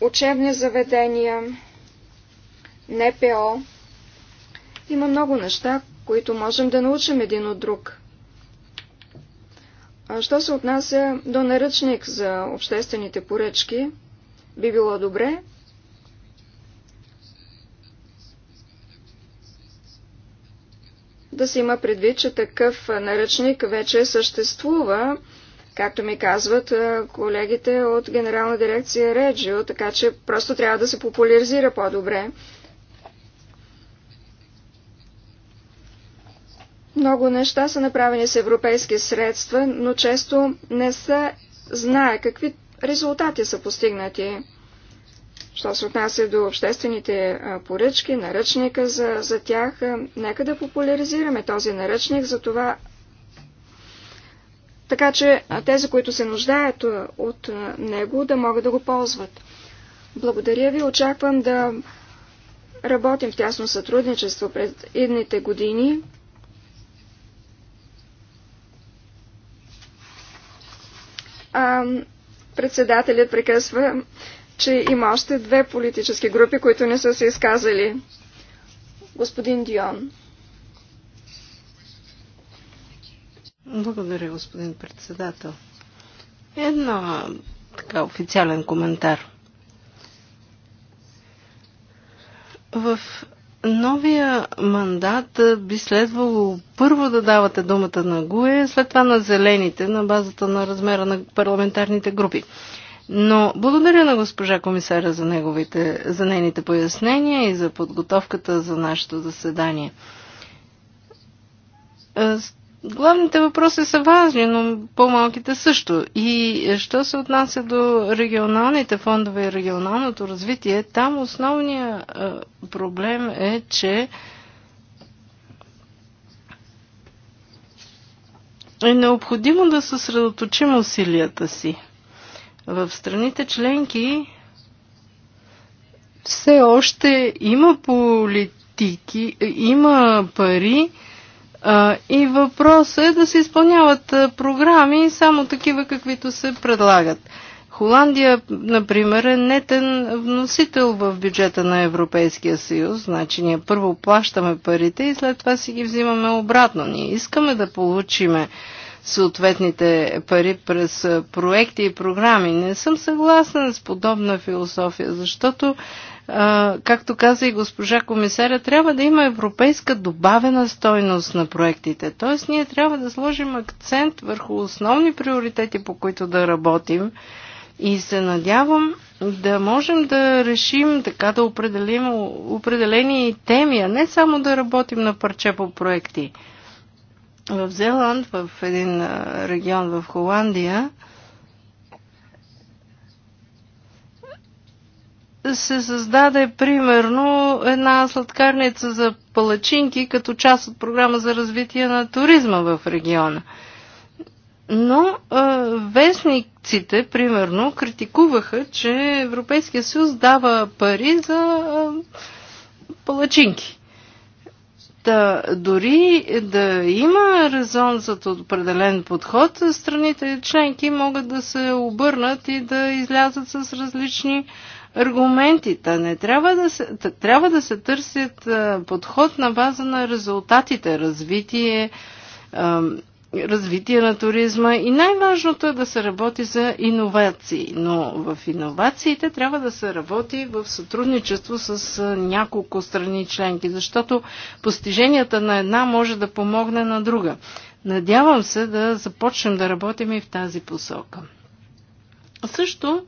учебни заведения, НПО. Има много неща, които можем да научим един от друг. Що се отнася до наръчник за обществените поръчки, би било добре да се има предвид, че такъв наръчник вече съществува, както ми казват колегите от Генерална дирекция Реджио, така че просто трябва да се популяризира по-добре. Много неща са направени с европейски средства, но често не се знае какви резултати са постигнати. Що се отнася до обществените поръчки, наръчника за, за тях, нека да популяризираме този наръчник за това. Така че тези, които се нуждаят от него, да могат да го ползват. Благодаря ви, очаквам да работим в тясно сътрудничество пред идните години. а, председателят прекъсва, че има още две политически групи, които не са се изказали. Господин Дион. Благодаря, господин председател. Едно така официален коментар. В новия мандат би следвало първо да давате думата на ГУЕ, след това на зелените, на базата на размера на парламентарните групи. Но благодаря на госпожа комисаря за, неговите, за нейните пояснения и за подготовката за нашето заседание. Главните въпроси са важни, но по-малките също. И що се отнася до регионалните фондове и регионалното развитие, там основният е, проблем е, че е необходимо да съсредоточим усилията си. В страните членки все още има политики, е, има пари, и въпросът е да се изпълняват програми само такива, каквито се предлагат. Холандия, например, е нетен вносител в бюджета на Европейския съюз. Значи ние първо плащаме парите и след това си ги взимаме обратно. Ние искаме да получиме съответните пари през проекти и програми. Не съм съгласна с подобна философия, защото както каза и госпожа комисаря, трябва да има европейска добавена стойност на проектите. Тоест ние трябва да сложим акцент върху основни приоритети, по които да работим. И се надявам да можем да решим, така да определим определени теми, а не само да работим на парче по проекти. В Зеланд, в един регион в Холандия, се създаде примерно една сладкарница за палачинки като част от програма за развитие на туризма в региона. Но а, вестниците, примерно, критикуваха, че Европейския съюз дава пари за а, палачинки. Та, дори да има резон за определен подход, страните членки могат да се обърнат и да излязат с различни аргументите. Не трябва да се, трябва да се търсят подход на база на резултатите, развитие, развитие на туризма и най-важното е да се работи за иновации. Но в иновациите трябва да се работи в сътрудничество с няколко страни членки, защото постиженията на една може да помогне на друга. Надявам се да започнем да работим и в тази посока. Също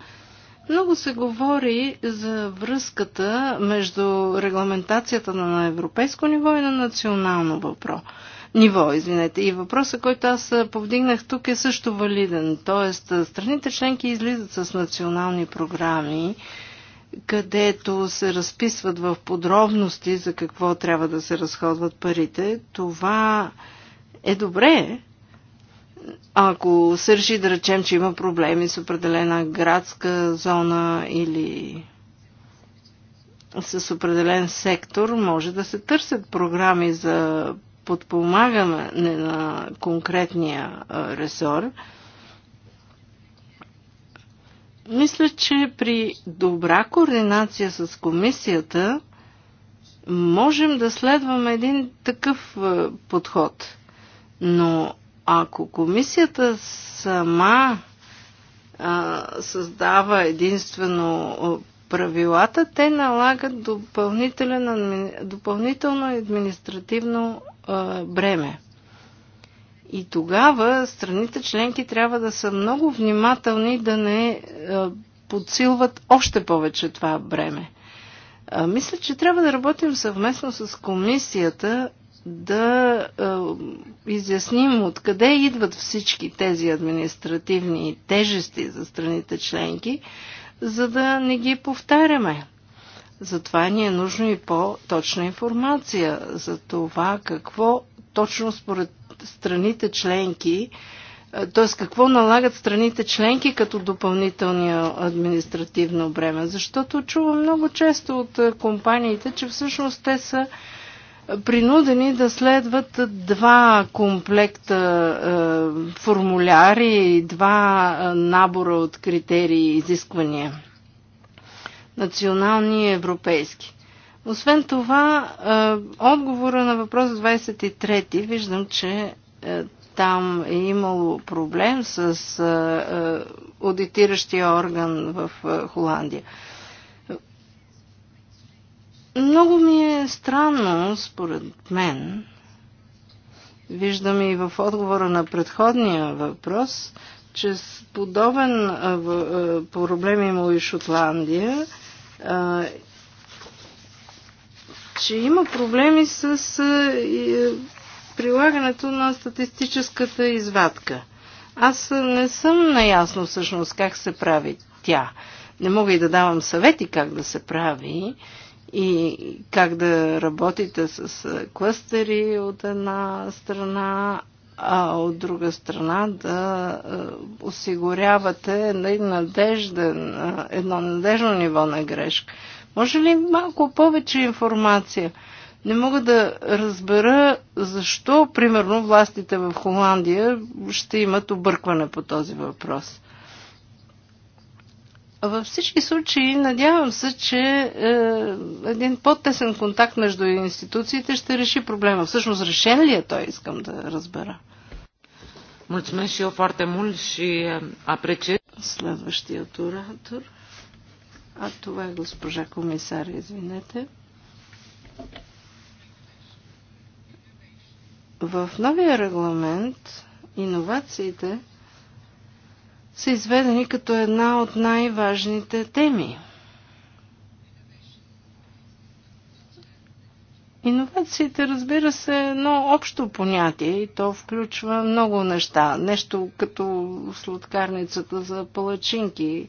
много се говори за връзката между регламентацията на европейско ниво и на национално въпрос ниво, извинете. И въпросът, който аз повдигнах тук е също валиден. Тоест, страните членки излизат с национални програми, където се разписват в подробности за какво трябва да се разходват парите. Това е добре, ако се реши да речем, че има проблеми с определена градска зона или с определен сектор, може да се търсят програми за подпомагане на конкретния ресор. Мисля, че при добра координация с комисията можем да следваме един такъв подход. Но ако комисията сама а, създава единствено правилата, те налагат допълнително административно а, бреме. И тогава страните членки трябва да са много внимателни да не а, подсилват още повече това бреме. А, мисля, че трябва да работим съвместно с комисията да е, изясним откъде идват всички тези административни тежести за страните членки, за да не ги повтаряме. Затова ни е нужно и по-точна информация за това какво точно според страните членки, е, т.е. какво налагат страните членки като допълнителния административно бреме. Защото чувам много често от е, компаниите, че всъщност те са принудени да следват два комплекта е, формуляри и два е, набора от критерии и изисквания. Национални и европейски. Освен това, е, отговора на въпрос 23 виждам, че е, там е имало проблем с е, е, аудитиращия орган в е, Холандия. Е, много ми е странно, според мен, виждам и в отговора на предходния въпрос, че с подобен проблем има и Шотландия, че има проблеми с прилагането на статистическата извадка. Аз не съм наясно всъщност как се прави тя. Не мога и да давам съвети как да се прави и как да работите с клъстери от една страна, а от друга страна да е, осигурявате нали, надежден, е, едно надежно ниво на грешка. Може ли малко повече информация? Не мога да разбера защо, примерно, властите в Холандия ще имат объркване по този въпрос. Във всички случаи надявам се, че е, един по-тесен контакт между институциите ще реши проблема. Всъщност решен ли е той, искам да разбера. Mulțumesc и eu foarte и апрече. Следващият оратор. А това е госпожа комисар, извинете. В новия регламент иновациите са изведени като една от най-важните теми. Иновациите, разбира се, е едно общо понятие и то включва много неща. Нещо като сладкарницата за палачинки.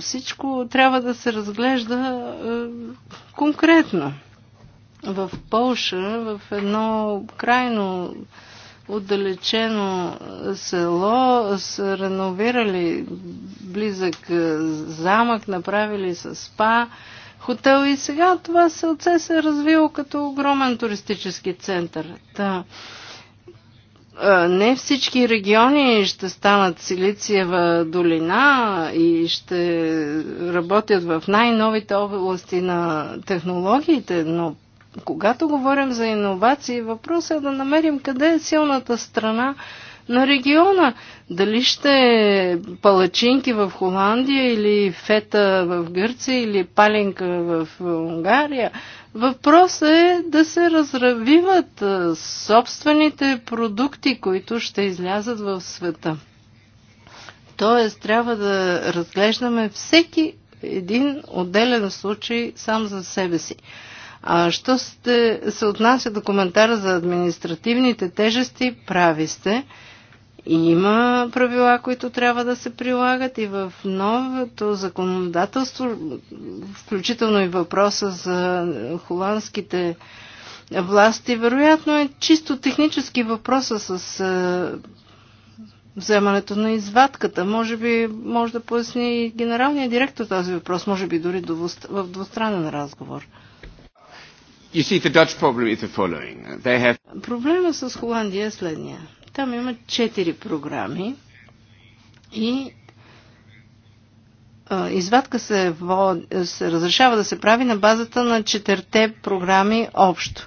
Всичко трябва да се разглежда конкретно. В Полша, в едно крайно отдалечено село, са реновирали близък е, замък, направили с спа, хотел и сега това селце се е развило като огромен туристически център. Та, е, не всички региони ще станат Силициева долина и ще работят в най-новите области на технологиите, но когато говорим за иновации, въпросът е да намерим къде е силната страна на региона. Дали ще палачинки в Холандия или фета в Гърция или паленка в Унгария. Въпрос е да се разравиват собствените продукти, които ще излязат в света. Тоест, трябва да разглеждаме всеки един отделен случай сам за себе си. А що сте, се отнася до коментара за административните тежести, прави сте. Има правила, които трябва да се прилагат и в новото законодателство, включително и въпроса за холандските власти, вероятно е чисто технически въпроса с е, вземането на извадката. Може би може да поясни и генералния директор този въпрос, може би дори в двустранен разговор. You see, the Dutch problem is the following. They have... Проблема с Холандия е следния. Там има четири програми и извадка се, се разрешава да се прави на базата на четирте програми общо.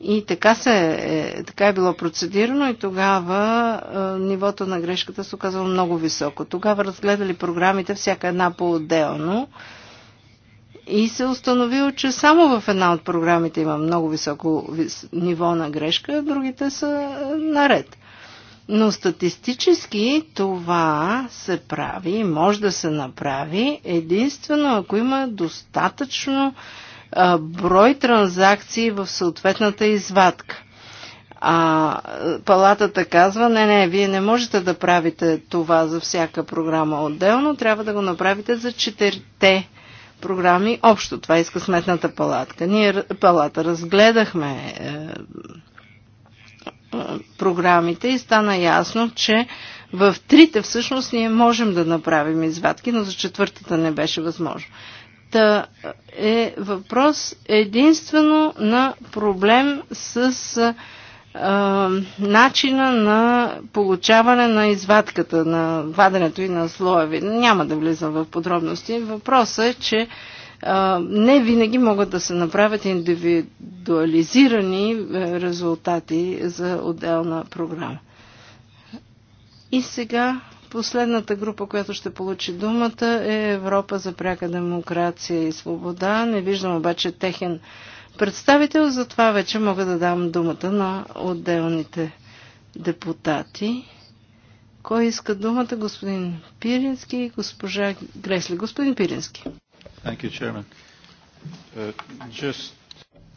И така, се, е, така е било процедирано и тогава е, нивото на грешката се оказало много високо. Тогава разгледали програмите всяка една по-отделно. Е, и се установило, че само в една от програмите има много високо ниво на грешка, другите са е, наред. Но статистически това се прави и може да се направи единствено ако има достатъчно а, брой транзакции в съответната извадка. А палатата казва, не, не, вие не можете да правите това за всяка програма отделно, трябва да го направите за четирите програми. Общо това иска сметната палатка. Ние палата разгледахме е, е, програмите и стана ясно, че в трите всъщност ние можем да направим извадки, но за четвъртата не беше възможно. Та е въпрос единствено на проблем с е, начина на получаване на извадката, на ваденето и на слоеви. Няма да влизам в подробности. Въпросът е, че не винаги могат да се направят индивидуализирани резултати за отделна програма. И сега последната група, която ще получи думата е Европа за пряка демокрация и свобода. Не виждам обаче техен представител. Затова вече мога да дам думата на отделните депутати. Кой иска думата? Господин Пирински и госпожа Гресли. Господин Пирински. Thank you, Chairman. Uh, just...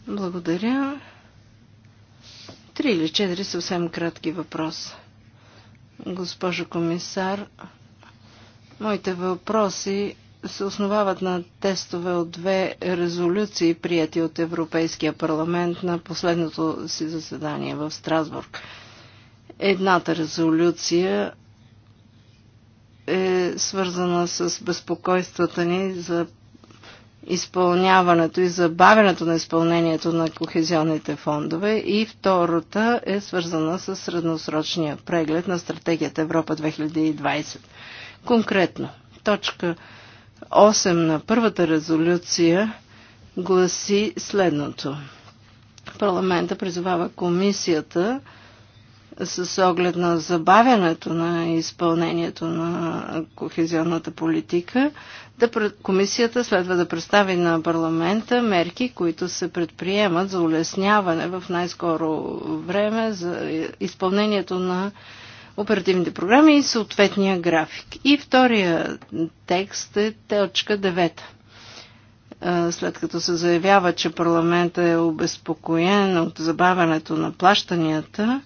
Благодаря. Три или четири съвсем кратки въпроса. Госпожо комисар, моите въпроси се основават на тестове от две резолюции, прияти от Европейския парламент на последното си заседание в Страсбург. Едната резолюция е свързана с безпокойствата ни за изпълняването и забавянето на изпълнението на кохезионните фондове и втората е свързана с средносрочния преглед на стратегията Европа 2020. Конкретно, точка 8 на първата резолюция гласи следното. Парламента призовава комисията с оглед на забавянето на изпълнението на кохезионната политика, да, комисията следва да представи на парламента мерки, които се предприемат за улесняване в най-скоро време за изпълнението на оперативните програми и съответния график. И втория текст е точка 9 след като се заявява, че парламента е обезпокоен от забавянето на плащанията,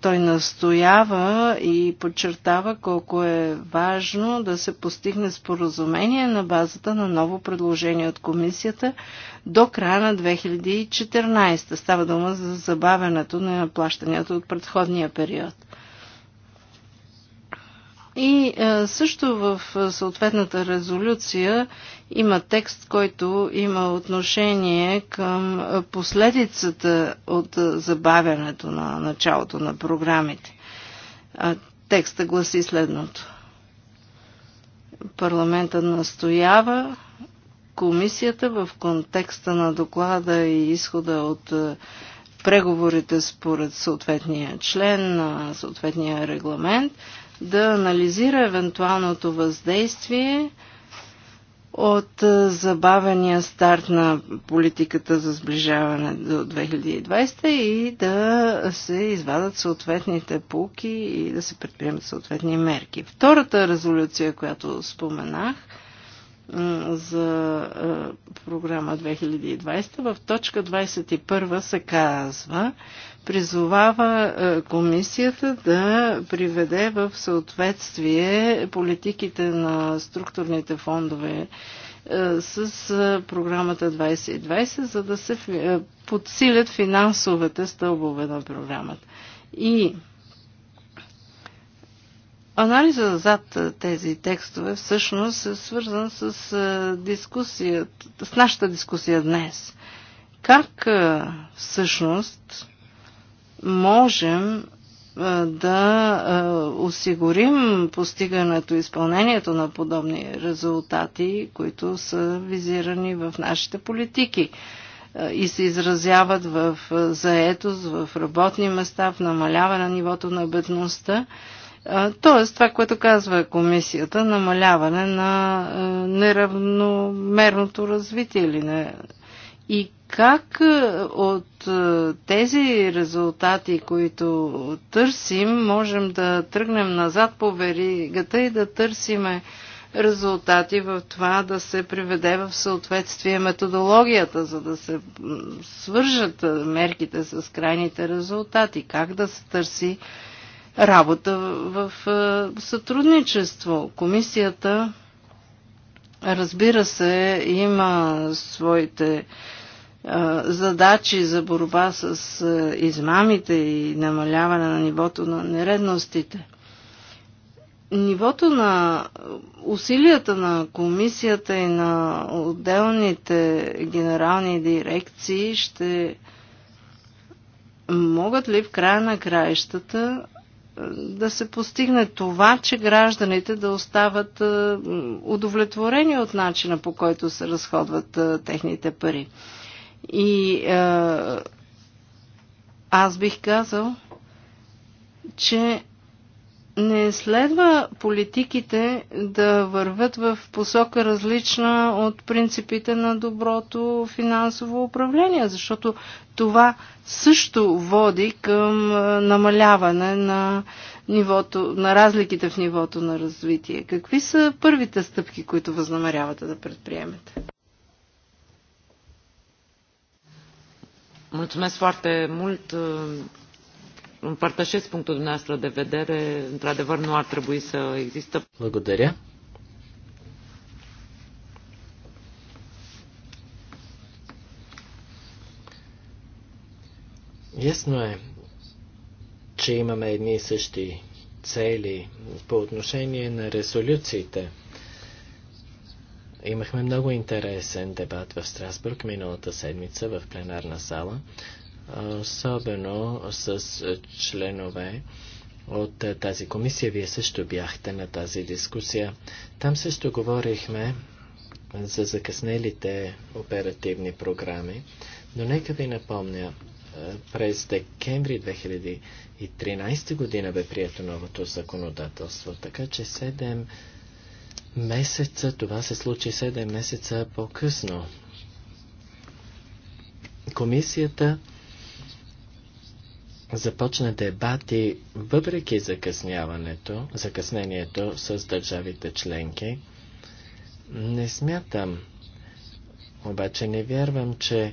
той настоява и подчертава колко е важно да се постигне споразумение на базата на ново предложение от комисията до края на 2014. Става дума за забавянето на плащанията от предходния период. И е, също в е, съответната резолюция има текст, който има отношение към е, последицата от забавянето на началото на програмите. Текста гласи следното. Парламента настоява комисията в контекста на доклада и изхода от преговорите според съответния член на съответния регламент – да анализира евентуалното въздействие от е, забавения старт на политиката за сближаване до 2020 и да се извадат съответните пулки и да се предприемат съответни мерки. Втората резолюция, която споменах за е, програма 2020, в точка 21 се казва, призовава е, комисията да приведе в съответствие политиките на структурните фондове е, с е, програмата 2020, за да се подсилят финансовете стълбове на програмата. И Анализа зад тези текстове всъщност е свързан с, дискусията, с нашата дискусия днес. Как всъщност можем да осигурим постигането и изпълнението на подобни резултати, които са визирани в нашите политики и се изразяват в заетост, в работни места, в намаляване на нивото на бедността. Тоест, това, което казва комисията, намаляване на неравномерното развитие или на и как е, от е, тези резултати, които търсим, можем да тръгнем назад по веригата и да търсиме резултати в това да се приведе в съответствие методологията, за да се свържат е, мерките с крайните резултати, как да се търси работа в сътрудничество. Комисията Разбира се, има своите задачи за борба с измамите и намаляване на нивото на нередностите. Нивото на усилията на комисията и на отделните генерални дирекции ще могат ли в края на краищата да се постигне това, че гражданите да остават е, удовлетворени от начина по който се разходват е, техните пари. И е, аз бих казал, че не следва политиките да вървят в посока различна от принципите на доброто финансово управление, защото това също води към намаляване на, нивото, на разликите в нивото на развитие. Какви са първите стъпки, които възнамерявате да предприемете? Mulțumesc foarte mult împărtășesc punctul dumneavoastră de vedere. Într-adevăr, nu ar trebui să există. Благодаря. Ясно е, че имаме едни и същи цели по отношение на резолюциите. Имахме много интересен дебат в Страсбург миналата седмица в пленарна сала особено с членове от тази комисия. Вие също бяхте на тази дискусия. Там също говорихме за закъснелите оперативни програми, но нека ви напомня, е, през декември 2013 година бе прието новото законодателство, така че 7 месеца, това се случи 7 месеца по-късно. Комисията започна дебати, въпреки закъсняването, закъснението с държавите членки. Не смятам, обаче не вярвам, че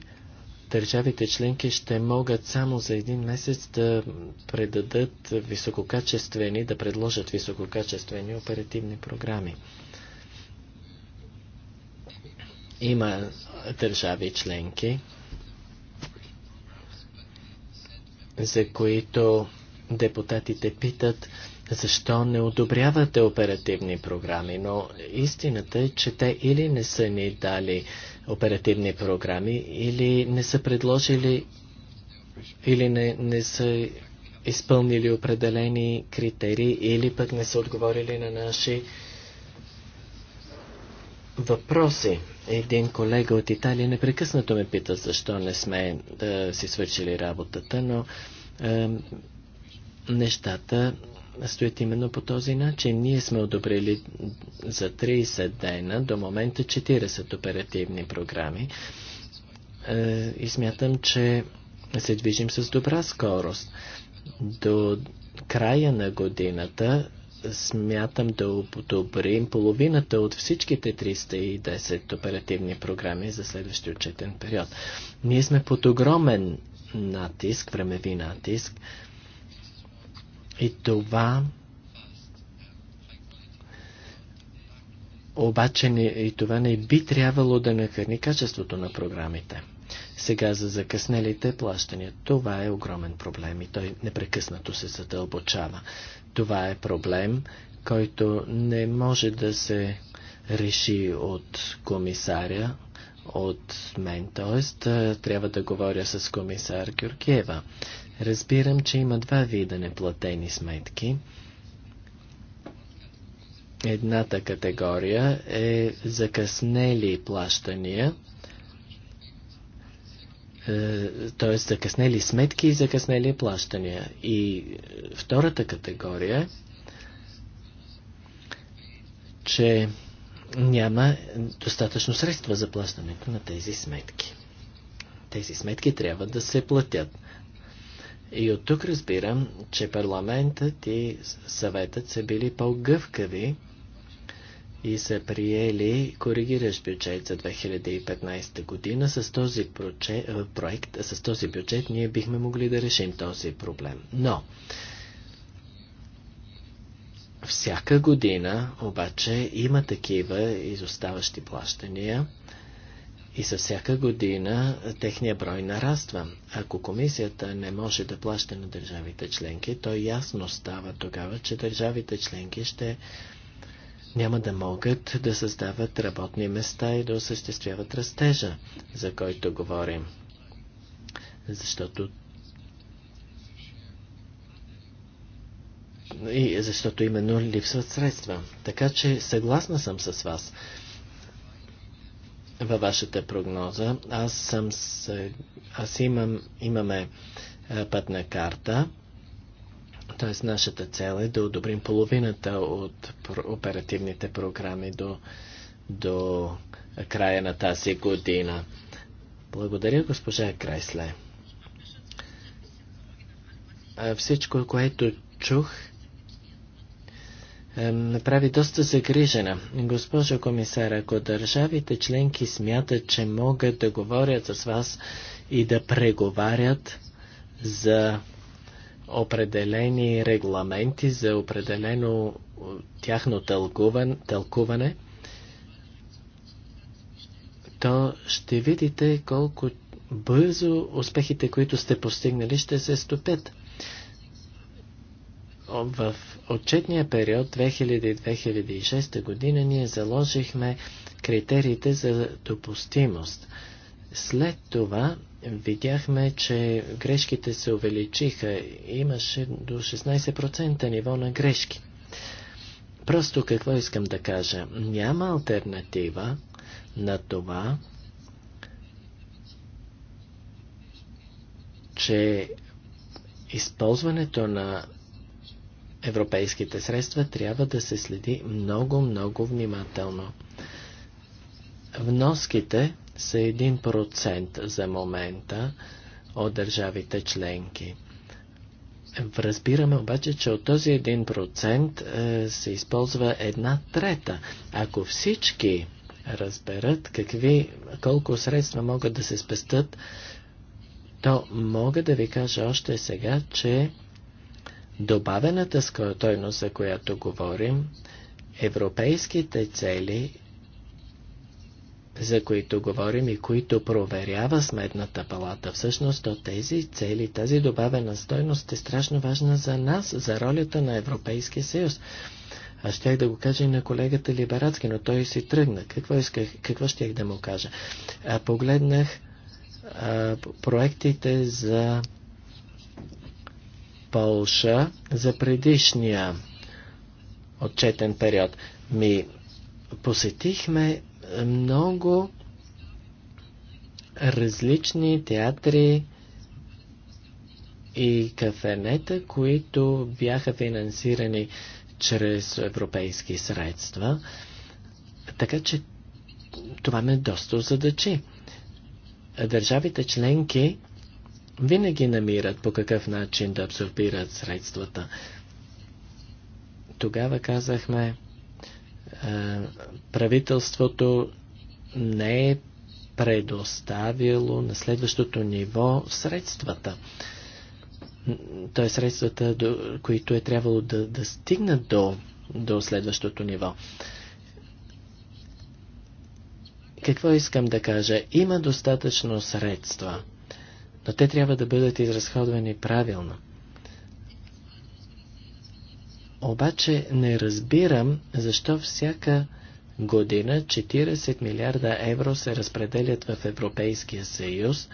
държавите членки ще могат само за един месец да предадат висококачествени, да предложат висококачествени оперативни програми. Има държави членки, за които депутатите питат защо не одобрявате оперативни програми, но истината е, че те или не са ни дали оперативни програми, или не са предложили, или не, не са изпълнили определени критерии, или пък не са отговорили на наши въпроси. Един колега от Италия непрекъснато ме пита защо не сме да си свършили работата, но е, нещата стоят именно по този начин. Ние сме одобрили за 30 дена до момента 40 оперативни програми е, и смятам, че се движим с добра скорост. До края на годината смятам да одобрим половината от всичките 310 оперативни програми за следващия отчетен период. Ние сме под огромен натиск, времеви натиск и това обаче не, и това не би трябвало да накърни качеството на програмите. Сега за закъснелите плащания. Това е огромен проблем и той непрекъснато се задълбочава. Това е проблем, който не може да се реши от комисаря, от мен, т.е. трябва да говоря с комисар Георгиева. Разбирам, че има два вида неплатени сметки. Едната категория е закъснели плащания – е, т.е. закъснели сметки и закъснели плащания. И е, втората категория е, че няма достатъчно средства за плащането на тези сметки. Тези сметки трябва да се платят. И от тук разбирам, че парламентът и съветът са били по-гъвкави и са приели коригиращ бюджет за 2015 година. С този е, проект, с този бюджет ние бихме могли да решим този проблем. Но всяка година обаче има такива изоставащи плащания и със всяка година техния брой нараства. Ако комисията не може да плаща на държавите членки, то ясно става тогава, че държавите членки ще няма да могат да създават работни места и да осъществяват растежа, за който говорим. Защото и защото именно липсват средства. Така че съгласна съм с вас във вашата прогноза. Аз, съм с, аз имам, имаме пътна карта Тоест нашата цел е да одобрим половината от оперативните програми до, до края на тази година. Благодаря, госпожа Крайсле. Всичко, което чух, направи доста загрижена. Госпожо комисар, ако държавите членки смятат, че могат да говорят с вас и да преговарят за определени регламенти за определено тяхно тълкуване, то ще видите колко бързо успехите, които сте постигнали, ще се стопят. В отчетния период 2000-2006 година ние заложихме критериите за допустимост. След това видяхме, че грешките се увеличиха. Имаше до 16% ниво на грешки. Просто какво искам да кажа? Няма альтернатива на това, че използването на европейските средства трябва да се следи много, много внимателно. Вноските са 1% за момента от държавите членки. Разбираме обаче, че от този 1% е, се използва една трета. Ако всички разберат какви, колко средства могат да се спестат, то мога да ви кажа още сега, че добавената стойност, за която говорим, европейските цели за които говорим и които проверява Сметната палата. Всъщност, то тези цели, тази добавена стойност е страшно важна за нас, за ролята на Европейския съюз. Аз щях да го кажа и на колегата Либерацки, но той си тръгна. Какво, исках, какво щях да му кажа? А, погледнах а, проектите за Полша за предишния отчетен период. Ми посетихме много различни театри и кафенета, които бяха финансирани чрез европейски средства. Така че това ме доста задачи. Държавите членки винаги намират по какъв начин да абсорбират средствата. Тогава казахме, е, правителството не е предоставило на следващото ниво средствата. Т.е. средствата, до, които е трябвало да, да стигнат до, до следващото ниво. Какво искам да кажа? Има достатъчно средства, но те трябва да бъдат изразходвани правилно – обаче не разбирам защо всяка година 40 милиарда евро се разпределят в Европейския съюз,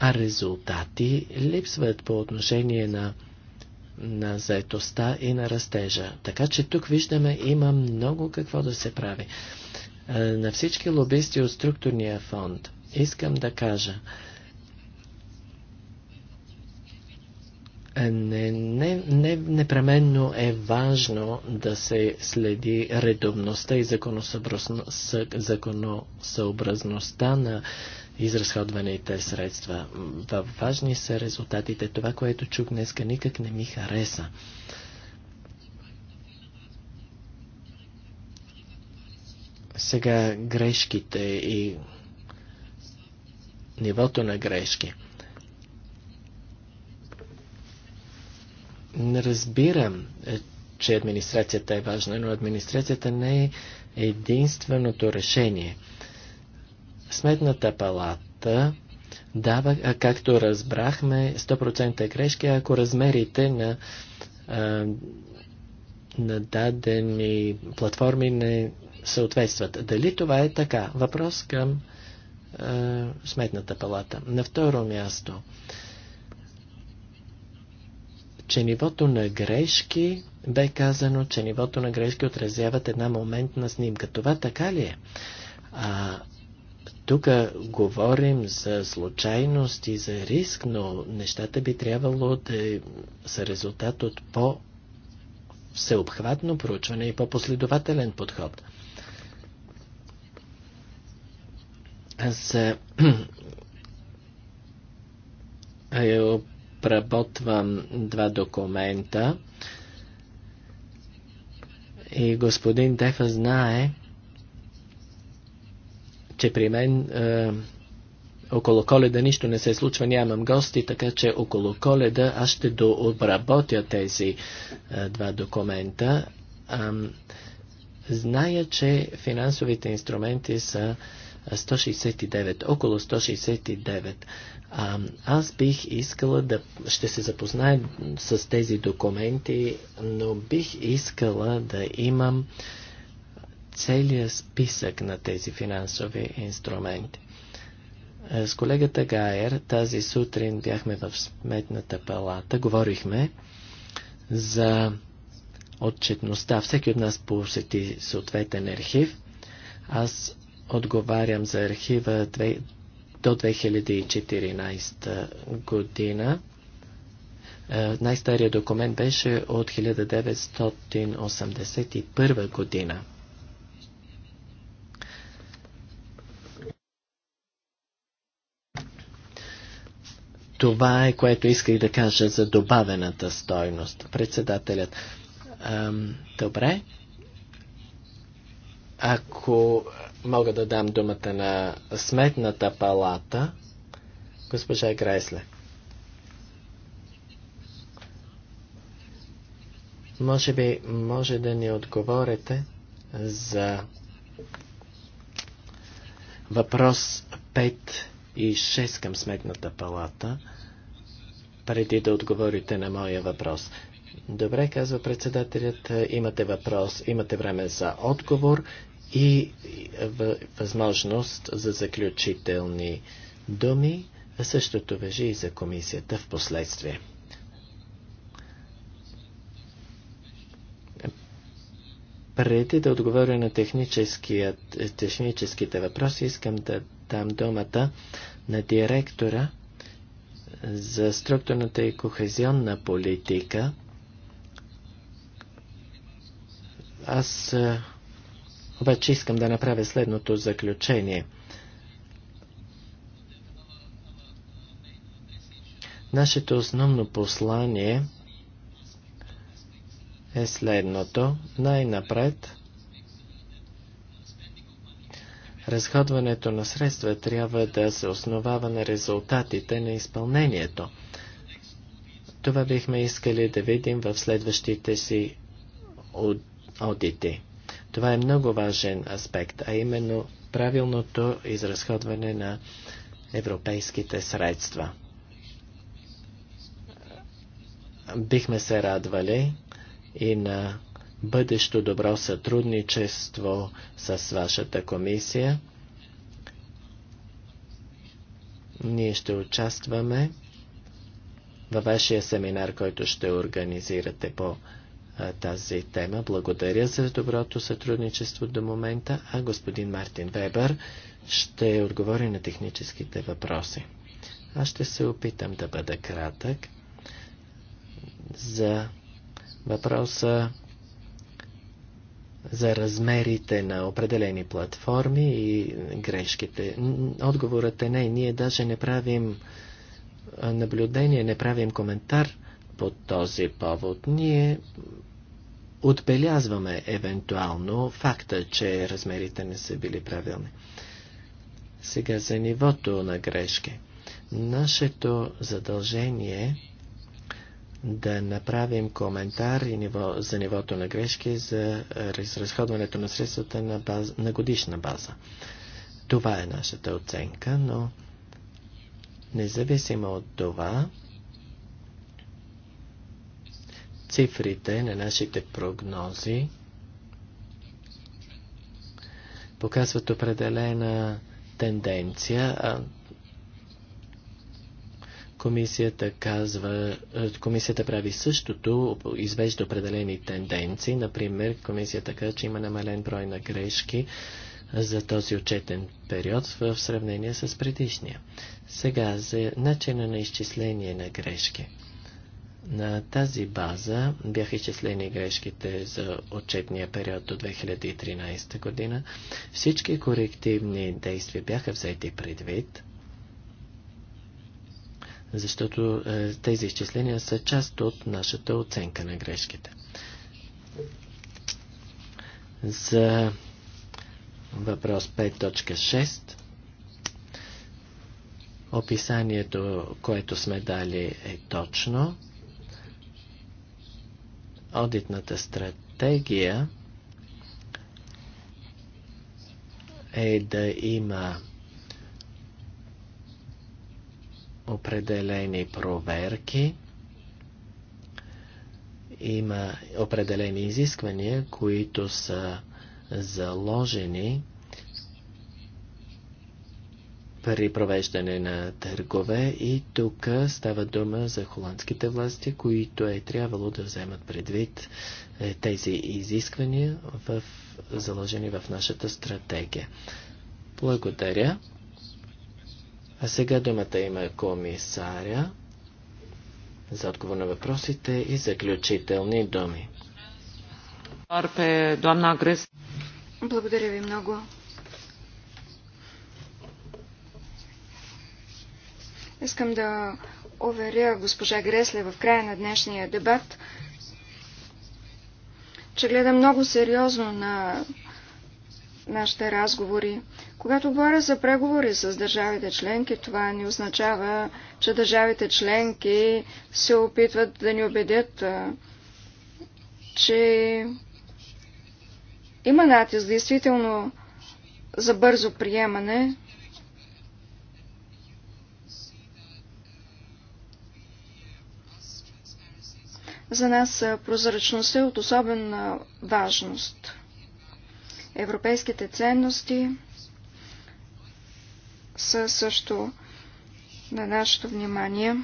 а резултати липсват по отношение на, на заетостта и на растежа. Така че тук виждаме, има много какво да се прави. Е, на всички лобисти от структурния фонд искам да кажа, не, не, не непременно е важно да се следи редовността и законосъобразността на изразходваните средства. Важни са резултатите. Това, което чук днеска, никак не ми хареса. Сега грешките и нивото на грешки. Не разбирам, е, че администрацията е важна, но администрацията не е единственото решение. Сметната палата дава, както разбрахме, 100% грешки, ако размерите на, на дадени платформи не съответстват. Дали това е така? Въпрос към Сметната палата. На второ място, че нивото на грешки, бе казано, че нивото на грешки отразяват една моментна снимка. Това така ли е? А, тук говорим за случайност и за риск, но нещата би трябвало да са резултат от по-всеобхватно проучване и по-последователен подход. За обработвам два документа и господин Дефа знае, че при мен е, около коледа нищо не се случва, нямам гости, така че около коледа аз ще дообработя тези е, два документа. Е, зная, че финансовите инструменти са е, 169, около 169. А, аз бих искала да... Ще се запозная с тези документи, но бих искала да имам целият списък на тези финансови инструменти. Е, с колегата Гайер тази сутрин бяхме в сметната палата, говорихме за отчетността. Всеки от нас посети съответен архив. Аз отговарям за архива до 2014 година. Е, Най-стария документ беше от 1981 година. Това е което исках да кажа за добавената стойност. Председателят. Ам, добре. Ако мога да дам думата на Сметната палата, госпожа Грайсле. Може би може да ни отговорите за въпрос 5 и 6 към Сметната палата, преди да отговорите на моя въпрос. Добре, казва председателят, е, имате въпрос, имате време за отговор и възможност за заключителни думи. Същото въжи и за комисията в последствие. Преди да отговоря на техническите въпроси, искам да дам думата на директора за структурната и кохезионна политика Аз е, обаче искам да направя следното заключение. Нашето основно послание е следното. Най-напред разходването на средства трябва да се основава на резултатите на изпълнението. Това бихме искали да видим в следващите си от одите. Това е много важен аспект, а именно правилното изразходване на европейските средства. Бихме се радвали и на бъдещо добро сътрудничество с вашата комисия. Ние ще участваме във вашия семинар, който ще организирате по тази тема. Благодаря за доброто сътрудничество до момента, а господин Мартин Вебер ще отговори на техническите въпроси. Аз ще се опитам да бъда кратък за въпроса за размерите на определени платформи и грешките. Отговорът е не. Ние даже не правим наблюдение, не правим коментар по този повод. Ние отбелязваме евентуално факта, че размерите не са били правилни. Сега за нивото на грешки. Нашето задължение е да направим коментар и ниво, за нивото на грешки за разходването на средствата на, баз, на годишна база. Това е нашата оценка, но независимо от това, Цифрите на нашите прогнози показват определена тенденция. А комисията казва, комисията прави същото, извежда определени тенденции. Например, комисията казва, че има намален брой на грешки за този отчетен период в сравнение с предишния. Сега за начина на изчисление на грешки – на тази база бяха изчислени грешките за отчетния период до 2013 година. Всички корективни действия бяха взети предвид, защото е, тези изчисления са част от нашата оценка на грешките. За въпрос 5.6 описанието, което сме дали е точно. Одитната стратегия е да има определени проверки, има определени изисквания, които са заложени при провеждане на търгове и тук става дума за холандските власти, които е трябвало да вземат предвид е, тези изисквания в, заложени в нашата стратегия. Благодаря. А сега думата има комисаря за отговор на въпросите и заключителни думи. Благодаря ви много, Искам да уверя госпожа Гресле в края на днешния дебат, че гледа много сериозно на нашите разговори. Когато говоря за преговори с държавите членки, това не означава, че държавите членки се опитват да ни убедят, че има натиск действително за бързо приемане За нас прозрачността е от особена важност. Европейските ценности са също на нашето внимание.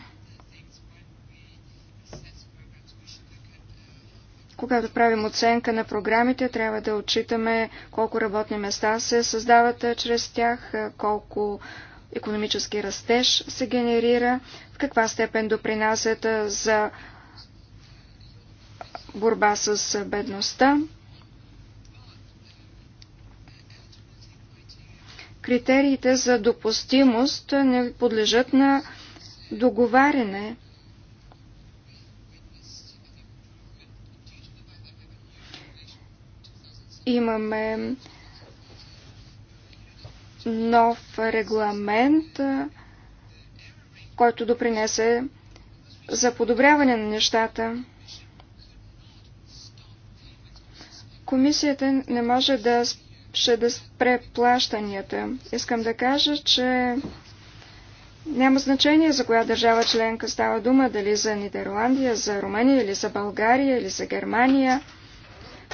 Когато правим оценка на програмите, трябва да отчитаме колко работни места се създават чрез тях, колко економически растеж се генерира, в каква степен допринасят за борба с бедността. Критериите за допустимост не подлежат на договаряне. Имаме нов регламент, който допринесе за подобряване на нещата. Комисията не може да ще да спре плащанията. Искам да кажа, че няма значение за коя държава членка става дума, дали за Нидерландия, за Румъния или за България или за Германия.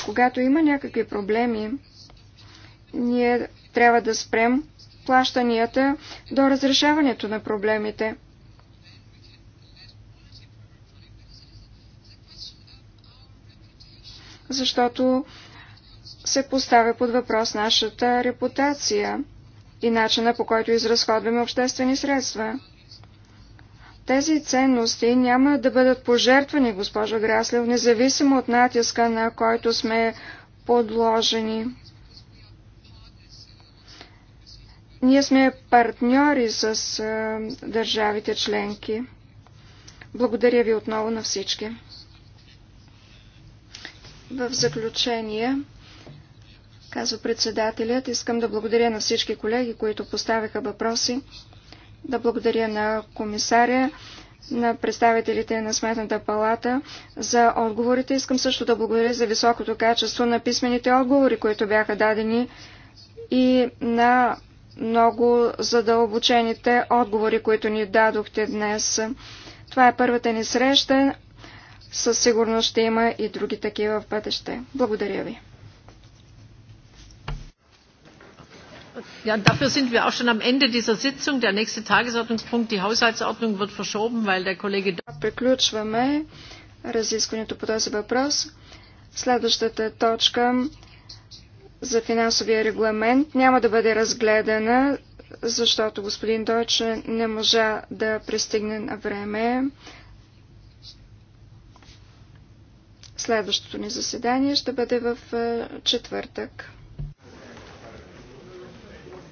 Когато има някакви проблеми, ние трябва да спрем плащанията до разрешаването на проблемите. Защото се поставя под въпрос нашата репутация и начина по който изразходваме обществени средства. Тези ценности няма да бъдат пожертвани, госпожо Граслев, независимо от натиска, на който сме подложени. Ние сме партньори с държавите членки. Благодаря ви отново на всички. В заключение, казва председателят. Искам да благодаря на всички колеги, които поставиха въпроси. Да благодаря на комисаря, на представителите на Сметната палата за отговорите. Искам също да благодаря за високото качество на писмените отговори, които бяха дадени и на много задълбочените отговори, които ни дадохте днес. Това е първата ни среща. Със сигурност ще има и други такива в бъдеще. Благодаря ви. Ja, dafür sind wir auch schon am Ende dieser Sitzung. Der nächste Tagesordnungspunkt, die Haushaltsordnung, wird verschoben, weil der Kollege... Следващата точка за финансовия регламент няма да бъде разгледана, защото господин Дойче не можа да пристигне на време. Следващото ни заседание ще бъде в е, четвъртък.